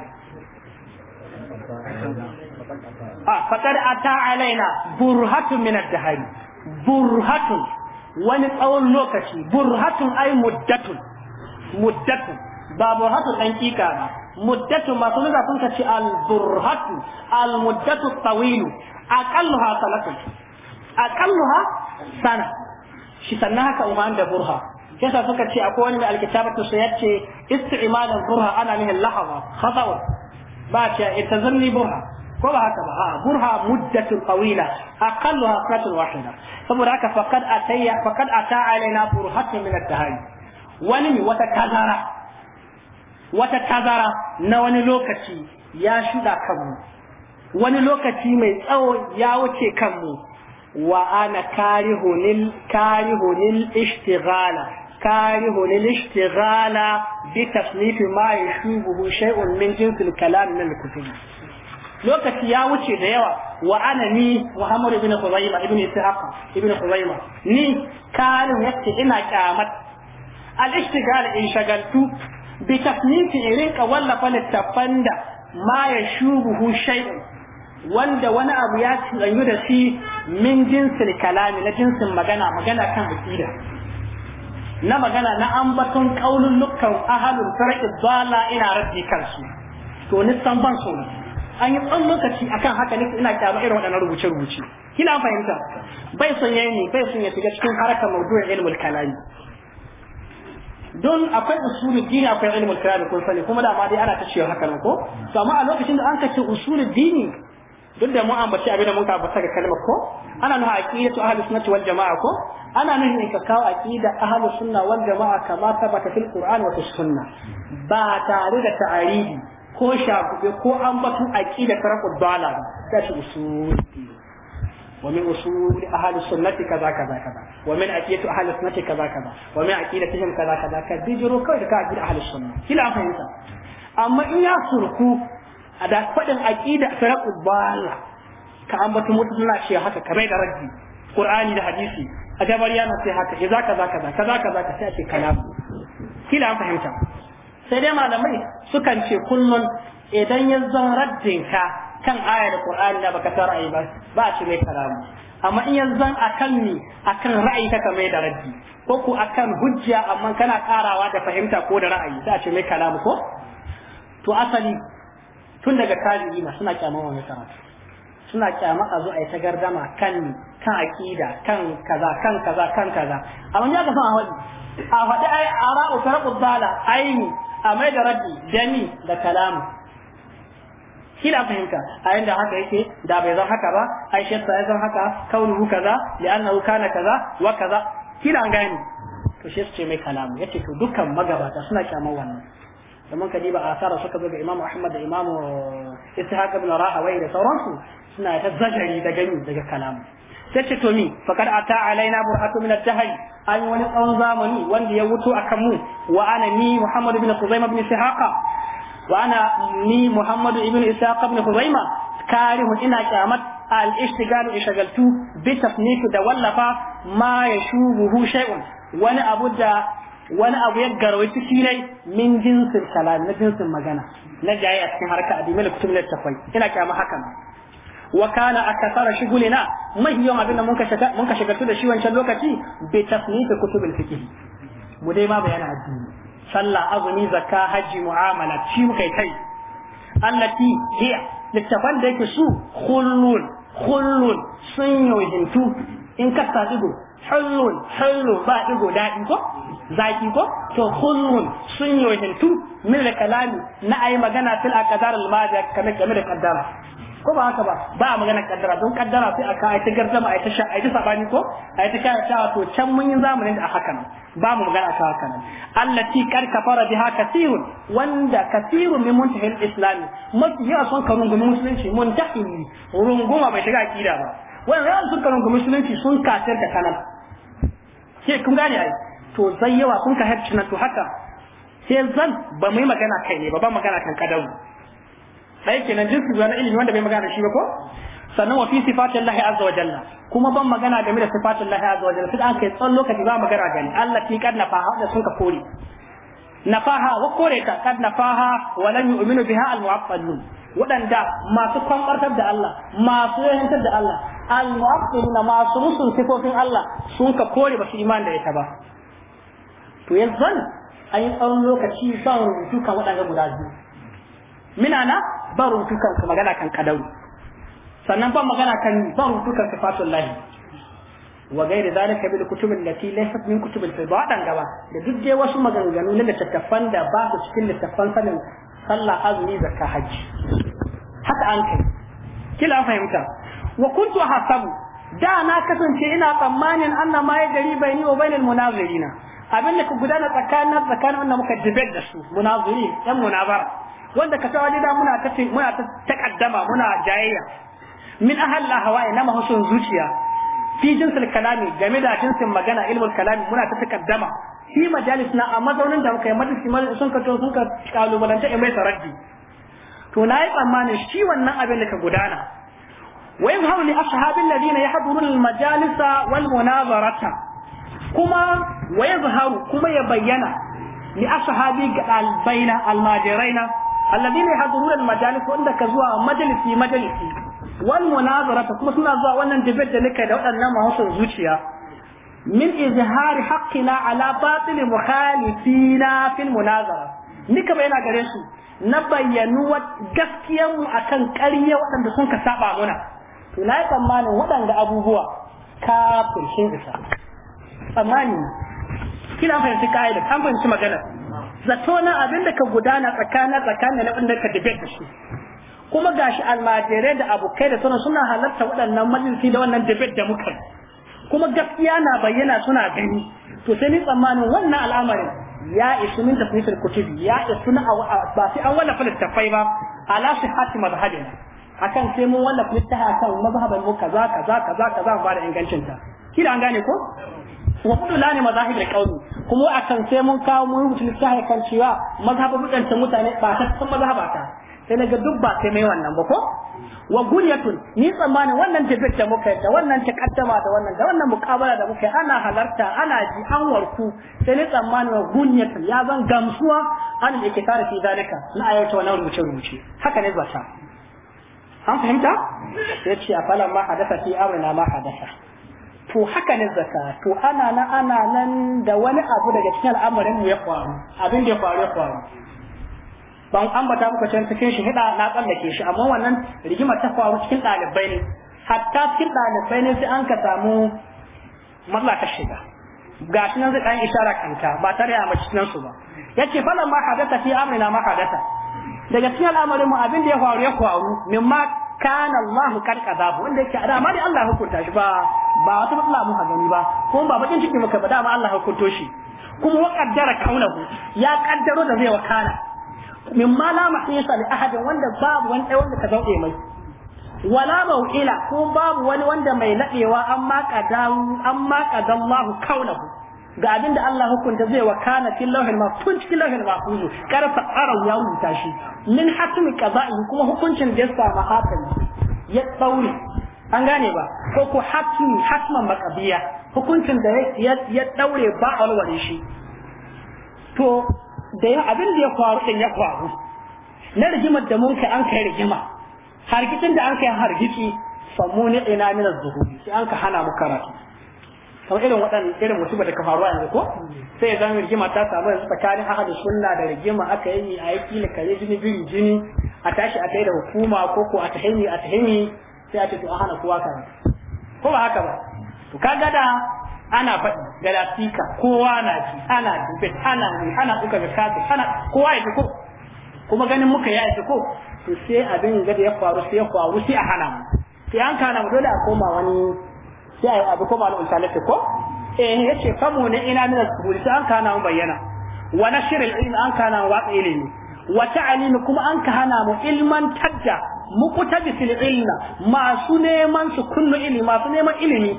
ah faqad ata alaina burhatun min ad-dahr burhatun wani tsawon lokaci burhatun ai muddatun muddatun ba burhatun dan kika ba muddatun masu nuna sun kace al burhatu al muddatu tawilu aqalluha salatun aqalluha sana shi sanna haka umman da burha yasa suka ce akwai wani mai alkitabatu sai yace isti'malan burha ana mihin lahawa khatawa ba ce ita zanni burha ko ba haka ba a burha muddatun qawila aqalluha qatun wahida saboda haka faqad atayya faqad ata alaina burhatun min at-tahayyun wani mi wata kazara wata kazara na wani lokaci ya shuda kanmu wani lokaci mai tsawo ya wuce kanmu wa ana karihunil karihunil ishtighala كاره للاشتغال بتصنيف ما يشوبه شيء من جنس الكلام من الكتب lokaci ya wuce da yawa wa ana ni Muhammad ibn Khuzaimah ibn Ishaq ibn ni kalin yace ina kyamat al-ishtigal in shagaltu bi tasnifi irin ka wallafa littafan da ma ya shubuhu shay'un wanda wani abu ya tsanyu da shi min jinsin kalami na jinsin magana magana kan aqida na magana na ambaton kaulun lukkan ahalun sarki dala ina raddi kansu to ni san ban so an yi tsan lokaci akan haka ne ina kyama irin waɗannan rubuce-rubuce kina fahimta bai son yayi ne bai son ya shiga cikin harkar mawdu'in ilmul kalami don akwai usulul dini akwai ilmul kalami kun sani kuma da ma dai ana ta cewa haka ko to amma a lokacin da an kace usulul dini duk da mu bace abin da mun ka ambata ga kalmar ko ana nuna aqidatu ahli sunnati wal jamaa ko ana nuna in ka kawo aqida ahli sunna wal jamaa kama sabata fil qur'an wa sunnah ba tare da ta'aridi ko shafuɓe ko an batu aqida tarafud dala ta shi usul ومن اصول اهل السنه كذا كذا كذا ومن عقيده اهل السنه كذا كذا ومن عقيدتهم كذا كذا كبيجرو كوي كا عقيده اهل السنه كلا فهمت اما ان يا سركو ادا فدin aqida farqu bala ka ambata mutuna shi haka kamar da raddi qur'ani da hadisi a jabariya na sai haka kaza kaza kaza kaza kaza ka sai kalam kila fahimta sai dai malamai sukan ce kullum idan ya zan raddinka kan ayar da qur'ani da baka san ra'ayi ba ba shi mai karamu amma in ya a akan ni akan ra'ayi ka mai da raddi ko ku akan hujja amma kana karawa da fahimta ko da ra'ayi za a ce mai kalamu ko to asali tun daga kari ma suna wa mai karatu suna kyama a zo a yi ta gardama kan kan aƙida kan kaza kan kaza kan kaza amma ya ga fa a a faɗi ai ara'u tarqud zala aini a mai da raddi dami da kalamu kila fahimta a inda haka yake da bai zan haka ba ai shi sai zan haka kaunuhu kaza li'annahu kana kaza wa kaza kila an gane to shi ce mai kalamu yace to dukkan magabata suna kyamar wannan kamar ka diba asara suka zo ga imamu Ahmad da Imam Ishaq ibn ra'awai da sauransu suna ta zajari da gani daga kalamu tace to mi faqad ata alaina burhatu min at-tahay an wani tsawon zamani wanda ya wuto akan mu wa ana ni muhammad ibn khuzaimah ibn shahaqa wa ana ni muhammad ibn ishaq ibn khuzaimah karihu ina kyamat al-ishtigalu ishagaltu bi tasnifu da wallafa ma yashubuhu shay'un wani abu da wani abu ya garwai ciki ne min jinsin kalam na jinsin magana na jaye a cikin harka adimai da kutum littafai ina kyama hakan wa kana akasara shugulina yawan abin da mun ka shagaltu da shi wancan lokaci bi tasnifi kutubil fiqh mu dai ma bayanin addini sallah azumi zakka haji mu'amala ci, muka kai allati hiya littafan da yake su khullun khullun sun yohintu in ka sa digo hullun hullun ba digo daɗi ko zaki ko to hullun sun yohintu min da kalami na ayi magana fil aqdar al madiya da kaddara ko ba haka ba ba a magana kaddara don kaddara sai aka ai ta gardama ai ta sha ai ta sabani ko ai ta kaya ta to can mun yi zamanin a haka nan ba mu magana ta haka nan allati kad kafara biha kathirun wanda kathirun min muntahil islam mafi yawa sun ka rungumi musulunci muntahil runguma bai shiga akida ba wannan yawan sun ka rungumi musulunci sun kafir da kanan ke kun gane ai to zai yawa sun ka harci na to haka sai zan ba mu yi magana kai ne ba ba magana kan kadaru dai kenan jinsi zuwa na ilimi wanda bai magana da shi ba ko sannan wa fi sifatin lahi azza wa jalla kuma ban magana game da sifatin lahi azza wa jalla sai an kai tsawon lokaci ba magana gani Allah ki kad nafaha da sun ka kore nafaha wa kore ta kad nafaha wa lam yu'minu biha al mu'affalun waɗanda masu kwambartar da Allah masu yahantar da Allah al mu'affaluna masu musun sifofin Allah sun ka kore ba su iman da ita ba to yanzu an yi tsawon lokaci ban rubutu kan waɗanda guda biyu mina na ba rubutu magana kan Kadau sannan ban magana kan ban rubutu kan lahi wa gairi zalika bil kutubin ti laifin min kutubil ba waɗanda ba da duk dai wasu maganganu na littattafan da ba su cikin littattafan sanin sallah azumi ka hajji haka an kai kila fahimta wa kuntu hasabu da na kasance ina tsammanin anna ma ya gari bai ni wa bainal munazirina abin da ka gudana tsakanin tsakanin wanda muka dibe da su munaziri yan munabar. wanda ka tawa da muna ta muna ta takaddama muna jayayya min ahal hawaye na mahusun zuciya fi jinsul kalami game da jinsin magana ilmul kalami muna ta takaddama fi majalis na a mazaunin da muka yi majalisi sun ka sun ka kalubalanta mai saraddi to na yi tsammanin shi wannan abin da ka gudana wai hau li ashabin ladina yahdurun al majalisa wal munazarata kuma kuma ya bayyana ni ashabi ga albaina almajiraina ne yahduruna majalis wanda ka zuwa majalisi majalisi wal munazarata kuma suna zuwa wannan debate da nake da waɗannan mahausar zuciya min izhari haqqina ala batil mukhalifina fil munazara nika bayana gare su na bayyanu gaskiyar mu akan ƙarya waɗanda sun ka saba muna to na yi tsammanin waɗanda abubuwa kafin shin isa tsammani kina fahimci ka'ida an fahimci magana zato na abin da ka gudana tsakanin tsakanin na inda ka debate da su kuma gashi almajirai da abokai da sauran suna halarta waɗannan majalisi da wannan debate da muka kuma gaskiya na bayyana suna gani to sai ni tsammanin wannan al'amarin ya isu min tafsir kutubi ya isu na ba sai an wallafa littafai ba ala sihhati mazhabina akan sai mun wallafa littafi akan mazhaban mu kaza kaza kaza kaza ba da ingancin ta kila an gane ko wa ne lani mazahib da qawli kuma akan sai mun kawo mun rubuta littafi kan cewa mazhabu mutanta mutane ba ta san mazhaba ta sai naga duk ba sai mai wannan ba ko wa guryatun ni tsammanin wannan ta da muka yi wannan kaddama da wannan da wannan mukabala da muka yi ana halarta ana ji an warku sai ni tsammanin wa guryatun ya zan gamsuwa an da ke kare fi zalika na ayyata wannan rubuce rubuce haka ne zata an fahimta sai ce a falan ma hadasa fi amrina ma hadasa to haka ne zaka to ana na ana nan da wani abu daga cikin al'amarin mu ya faru abin da ya faru ya faru ban ambata muku can cikin shi hida na tsallake shi amma wannan rigima ta faru cikin ɗalibai ne hatta cikin ɗalibai ne sai an ka samu matsala ta shiga ga shi nan zai ɗan ishara kanta ba tare a mace nan su ba yace falan ma hadatha fi amrina ma hadatha daga cikin al'amarin mu abin da ya faru ya faru mimma kana Allahu karka babu wanda yake a dama da Allah hukunta shi ba ba wata matsala mun gani ba ko ba bakin ciki muka ba dama Allah hukunto shi kuma wa kaddara kaunahu ya kaddaro da zai wakana min ma la mahisa ahadin wanda babu wani dai wanda ka zauke mai wala mawila ko babu wani wanda mai nadewa amma kadan amma qadallahu kaunahu ga abin da Allah hukunta zai wakana fil lawhil mahfuz fil lawhil mahfuz karfa aran ya rubuta shi min hatmi qaza'i kuma hukuncin da ya samu hakan ya tsauri an gane ba ko ku hatmi hatman makabiya hukuncin da ya daure ba alware shi to da ya abin da ya faru din ya faru na rigimar da mun kai an kai rigima hargitsin da an kai hargitsi famuni ina min az zuhubi sai an ka hana mu karatu kamar irin waɗannan irin musibar da ka faru yanzu ko sai ya zama rigima ta samu yanzu tsakanin ahadu sunna da rigima aka yi a yi kila kare jini biyu jini a tashi a kai da hukuma ko ko a tahimi a tahimi sai a ce to a hana kowa karatu ko ba haka ba to ka gada ana faɗi da lafika kowa na ji ana dubbe ana ne ana duka ga kafi ana kowa ya ko kuma ganin muka ya ji ko to sai abin gada ya faru sai ya faru sai a hana mu sai an kana mu dole a koma wani sai ayi abu kuma al unsalati ko eh yace famu ne ina min al-subul sai an kana mu bayyana wa nashr al-ilm an kana wa ilimi wa ta'lim kuma an kana mu ilman tadda muqtadisil ilma masu neman su kullu ilmi masu neman ilimi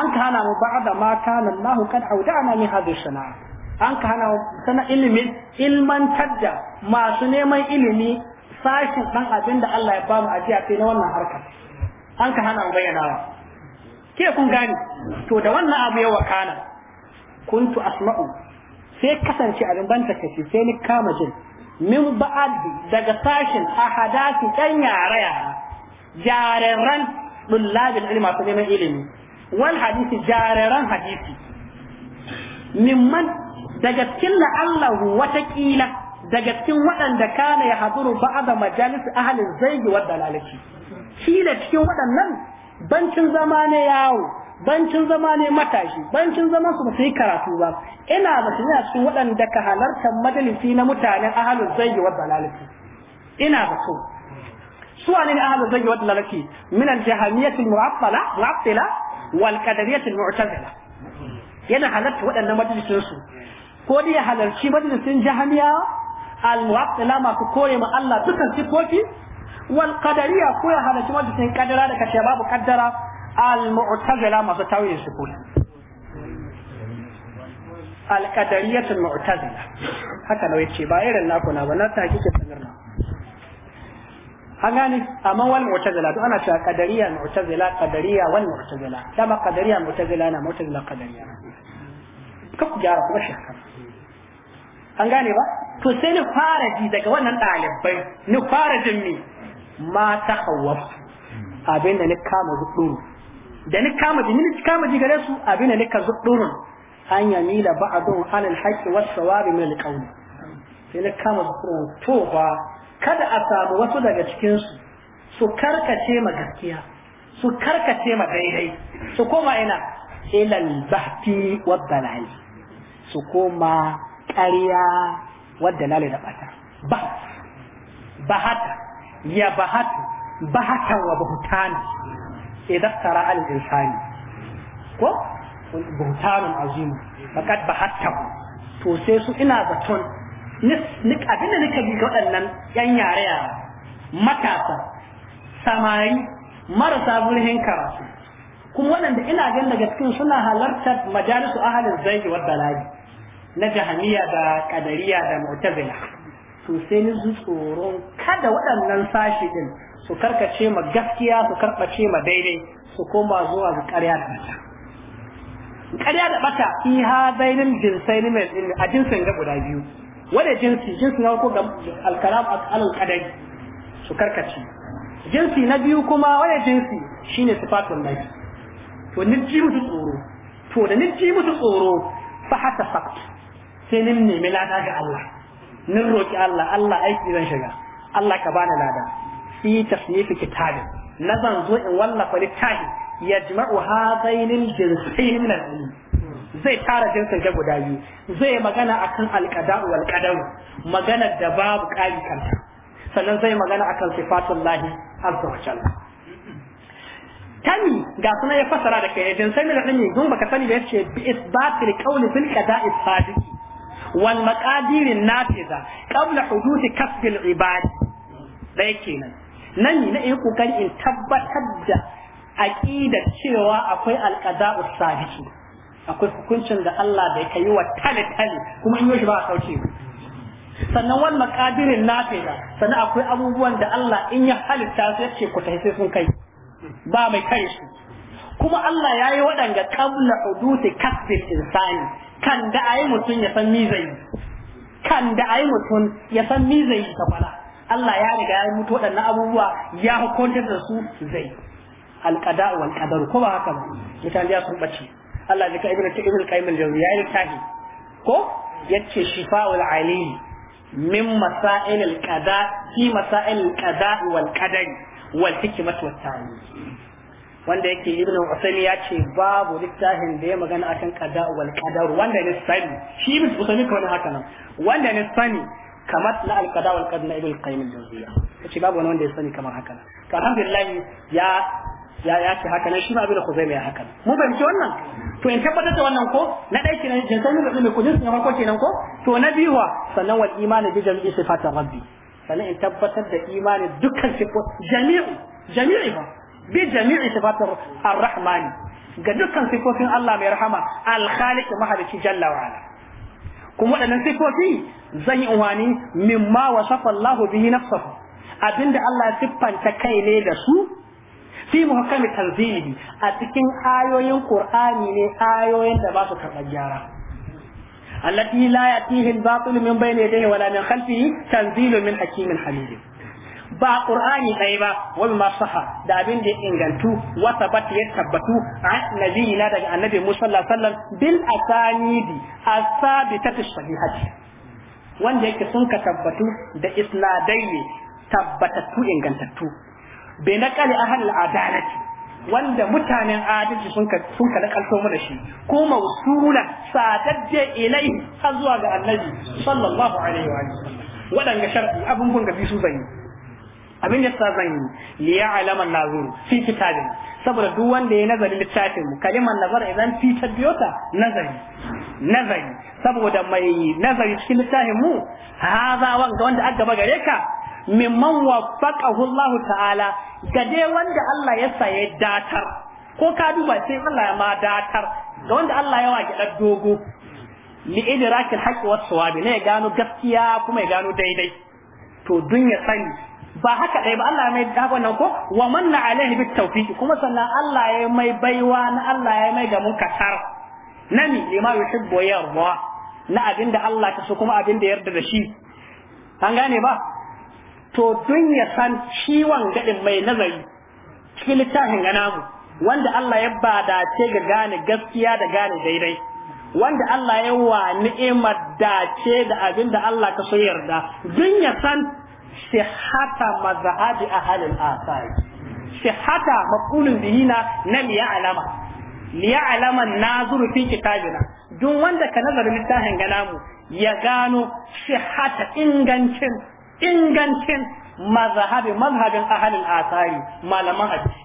an kana mu ba'da ma kana Allah kad auda'ana min hadhihi sana'a an kana sana ilimin ilman tadda masu neman ilimi sashin dan abinda Allah ya bamu ajiya kai na wannan harka an ka hana bayyana. ke kun gane to da wannan abu ya wakana kuntu asma'u sai kasance abin ban kashi sai ni kama jin min ba'ad daga sashin ahadati kan yara yara jararran dullabin ilmi masu neman ilimi wal hadisi jararran hadisi mimman daga cikin la'allahu watakila daga cikin waɗanda kana ya haduru ba'ada majalis ahalin zaigi wa dalalaci shi da cikin waɗannan bancin zama ne yawo bancin zama ne matashi bancin zaman su ba su yi karatu ba ina ba su yana waɗanda ka halarta majalisi na mutanen ahalul zayyi wa ina ba so su ne ahalul zayyi wa dalalati min al-jahmiyyah al-mu'attala mu'attila wal qadariyyah al-mu'tazila yana halarta waɗannan majalisin su ko dai halarci majalisin jahmiya al-mu'attila masu kore ma Allah dukkan sifofi wal qadariya ko ya halarci wanda sun kaddara da kace babu kaddara al mu'tazila masu tawilin sukun al qadariyatul mu'tazila haka nawa yace ba irin na ba na an gane amma wal mu'tazila duk ana cewa qadariya mu'tazila qadariya wal mu'tazila dama qadariya mu'tazila na mu'tazila qadariya ka ku gyara kuma shi an gane ba to sai ni fara ji daga wannan ɗalibai ni fara jin me ma ta hawa abin da ni kama zuɗuru da ni kama jini ni kama ji gare su abin da ni ka zuɗurun an da ba'adun alal haqqi wasu sawabi mai alqawl sai ni kama zuɗuru to ba kada a samu wasu daga cikinsu. su karkace ma gaskiya su karkace ma daidai su koma ina ilal bahti wad dalal su koma ƙarya wadda dalal da bata ba bahata ya bahatu bahatan wa buhtana idan tara al insani ko buhtanun azim faqad bahatahu to sai su ina zaton ni abinda nika bi ga waɗannan yan yare yara matasa samari marasa zurhin karatu kuma waɗanda ina gan daga cikin suna halartar majalisu ahalin zai wa bala'i na jahaniya da ƙadariya da mu'tazila su sai ni tsoron kada waɗannan sashi ɗin su karkace ma gaskiya su karkace ma daidai su koma zuwa ga ƙarya da bata ƙarya da bata iha bainin jinsai ne mai a jinsin ga guda biyu wanda jinsi jinsi na ko ga alkalam tsalin ƙadai su karkace jinsi na biyu kuma wanda jinsi shine sifatun nabi to ni ji musu tsoro to da ni ji musu tsoro fa hatta faqt sai ni nemi lada ga Allah nin roki Allah Allah aiki zan shiga Allah ka bani lada fi tasnifi kitabin na zan zo in wallafa littafi yajma'u jima'u jinsayn min al zai tara jinsin ga guda biyu zai magana akan alqada'u wal qadar magana da babu kari kanta sannan zai magana akan sifatullahi azza wa jalla tani ga suna ya fasara da kai jinsayn min al-ilm dun baka sani da yace bi isbatil qawli bil qada'i sadiqi wal maqadirin nafiza qabla huduthi kasbil ibad dai kenan nan ne in kokari in tabbatar da aqida cewa akwai alqada'u sabiki akwai hukuncin da Allah bai kai wa tale tale kuma in yoshi ba a kauce sannan wal maqadirin nafiza sannan akwai abubuwan da Allah in ya halitta su yace ku tafi sun kai ba mai kai shi. kuma Allah ya yi waɗanda kabla huduti kasbin insani kan da ayi mutum ya san mizai kan da ayi mutum ya san mizai ta kwana Allah ya riga ya mutu waɗannan abubuwa ya hukuntar da su zai alqada wal qadar ko ba haka ba mutane ya sun bace Allah ya ka ibnu ibnu qayyim al-jawziy ya tafi ko yace shifaul alim min masail al-qada fi masail al-qada wal qadar wal hikmah wat ta'wil wanda yake ibn Usaymi ya ce babu littafin da ya magana akan qada wal qadar wanda ne sani shi ibn Usaymi kuma haka nan wanda ne sani kamar na al qada wal qadar na ibn Qayyim al-Jawziyya yace babu wani wanda ya sani kamar haka nan to alhamdulillah ya ya ya ce haka nan shi ma ibn Usaymi ya haka nan mun fahimci wannan to in tabbatar da wannan ko na dai kiran jinsan da ibn Qudus ne ko kenan ko to na biyuwa sannan wal imani bi jami'i sifatir rabbi sannan in tabbatar da imani dukkan sifo jami'u jami'i bi jami'i sifatir ar-rahmani ga dukkan sifofin Allah mai rahama al-khaliq mahalici jalla wa ala kuma waɗannan sifofi zan yi umarni mimma wasafa Allah bihi nafsahu abinda Allah siffanta kai ne da su fi muhakkami a cikin ayoyin qur'ani ne ayoyin da ba su karɓar gyara allati la yatihi al-batil min bayni yadayhi wala min khalfihi tanzilun min hakimin hamidin ba qur'ani ɗaya ba wa ma saha da abin da ingantu wa sabat ya tabbatu an na daga annabi Musa sallallahu alaihi bil asanidi asabitatu sahihati wanda yake sun ka tabbatu da isnadai ne tabbatattu ingantattu bai naqali ahal adalati wanda mutanen adalci sun ka sun ka nakalto mana shi ko mausula sadadde ilai har zuwa ga annabi sallallahu alaihi wa sallam wadanga sharadi abun gun bi su zanyi. abin da sa zan yi li ya'laman nazuru fi kitabin saboda duk wanda ya nazari littafin mu kalimar nazar idan fi tabbiyota nazari nazari saboda mai nazari cikin littafin mu haza wanda wanda aka gaba gare ka mimman waffaqahu Allah ta'ala ga dai wanda Allah ya sa ya datar ko ka duba sai Allah ya ma datar ga wanda Allah ya waki dan dogo li idrakil haqqi was sawabi ne gano gaskiya kuma ya gano daidai to dun ya sani ba haka dai ba Allah ya mai da wannan ko wa manna alaihi bit tawfiq kuma sannan Allah ya mai baiwa na Allah ya mai da mun kasar nami lima yuhibbu yarda na abinda Allah ta so kuma abinda yarda da shi an gane ba to tun ya san ciwon gadin mai nazari cikin littafin ga namu wanda Allah ya ba dace ga gane gaskiya da gane daidai wanda Allah ya wa ni'imar dace da abin da Allah ka so yarda dun ya san sihhata mazhabi ahlil asar sihhata maqulun bihina na li ya'lama li ya'lama nazuru fi kitabina duk wanda ka nazarin littafin ganamu ya gano sihhata ingancin ingancin mazhabi mazhabin ahlil asari malaman hadisi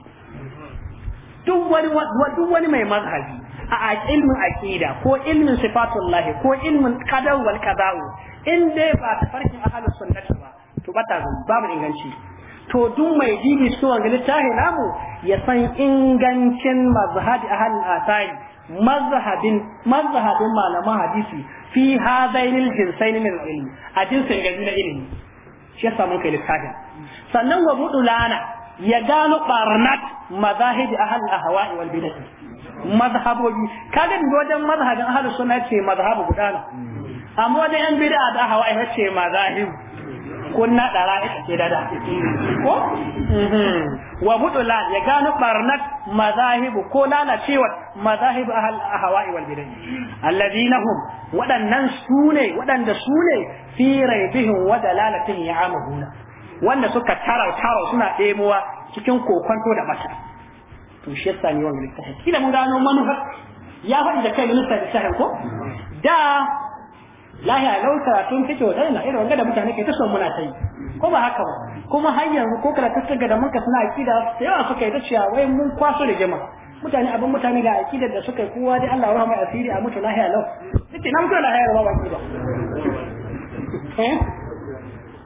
duk wani duk wani mai mazhabi a ilmin aqida ko ilmin sifatullahi ko ilmin qadar wal qada'u in dai ba tafarkin ahlus sunnati to bata babu inganci to duk mai jibi so ga littafi namu ya san ingancin mazhabi ahlul asai mazhabin mazhabin malaman hadisi fi hadainil jinsain min ilmi a jinsin gaji na ilimi shi yasa mun kai littafin sannan wa mudulana ya gano barnat mazahibi ahlul ahwa'i wal bid'ah mazhabobi kaga wajen mazhabin ahlus sunna ce mazhabu gudana amma wajen yan bid'a da hawa'i ce mazahibu kunna dara ita ce dada ko mhm. wa mudula ya gano barnat mazahibu ko lalacewar mazahibu ahal ahwa'i wal bidai alladhina hum wadannan sune wadanda sune fi raibihim wa dalalatin ya'amuna wanda suka tara tara suna ɗebowa cikin kokonto da mata to shi yasa ne wannan littafin kila mun gano manufa ya faɗi da kai da littafin ko da lahiya lau tun fito da na irin wanda da mutane ke ta son muna ta yi ko ba haka ba kuma hanyar ko ko karatu suka da muka suna akida da yawa suka yi ta ciya wai mun kwaso da jama. mutane abin mutane ga akidar da suka yi kowa dai Allah ya asiri a mutu lahiya lau suke nan ko lahiya ba ba ba eh?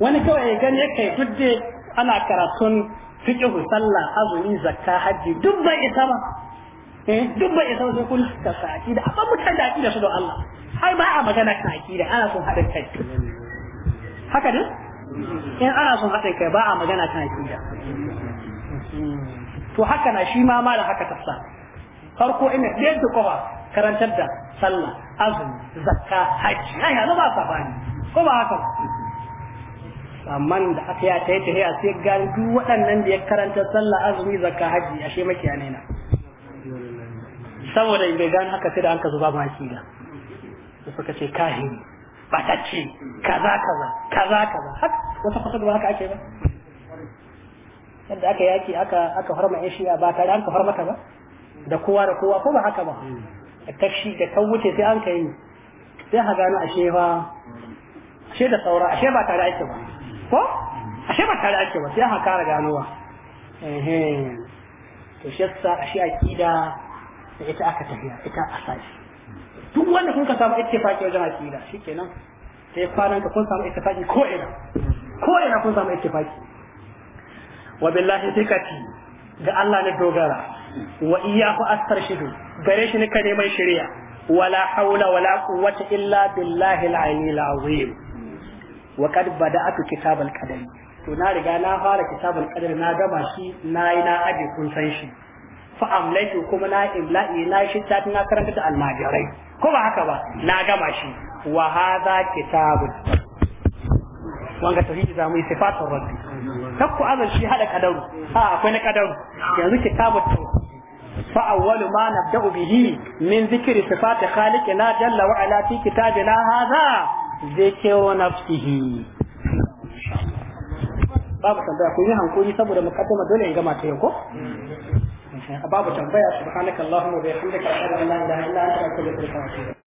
wani kawai ya gani yake duk da ana karatun fiqh sallah azumi zakka hajji duk bai isa ba eh? duk bai isa sai kun ta akida abin mutane da akida su don Allah ai ba a magana kan akida ana son haɗin kai haka ne in ana son haɗin kai ba a magana kan akida to haka na shi ma da haka tafsa farko ina ɗaya da kofa karantar da sallah azumi zakka hajji ai yanzu ba bani ko ba haka amma da aka ya ta yi sai gani duk waɗannan da ya karanta sallah azumi zakka hajji ashe makiya ne na saboda bai gani haka sai da an ka zuba shi da su suka ce kahini batacce kaza kaza kaza kaza haka wata kusa da haka ake ba yadda aka yaki aka aka harma yan shi'a ba tare an ka harmata ba da kowa da kowa ko ba haka ba hmm. da shi da kan wuce sai an kai sai ha gano ashe ba ashe da saura ashe ba tare ake ba ko ashe ba tare ake ba sai ha kara ganowa ehe to shi yasa ashe akida ita aka tafiya ita asali duk wanda kun ka samu ittifaqi wajen aqida shikenan sai kwanan ka kun samu ittifaqi ko ina ko ina kun samu ittifaqi wa billahi tikati ga Allah ne dogara wa iyyahu astarshidu gare shi ne ka neman shari'a wala haula wala quwwata illa billahi al-aliyyil azim wa qad bada'tu kitabal qadari to na riga na fara kitabal qadari na gama shi na yi na aje kun san shi fa amlaitu kuma na imla'i na shi ta na karanta da almajirai ko ba haka ba na gama shi wa hadha kitabun wanga tauhidi zamu yi sifatar rabbi kakku azan shi hada kadaru a akwai na kadaru yanzu to kitabut tauhid فأول ما نبدأ به من ذكر صفات خالقنا جل وعلا في كتابنا هذا ذكر نفسه babu tambaya kun yi hankuri saboda mukaddama dole in gama ta yau ko أبا بشر بيا سبحانك اللهم وبحمدك أشهد أن لا إله إلا أنت أكل كل شيء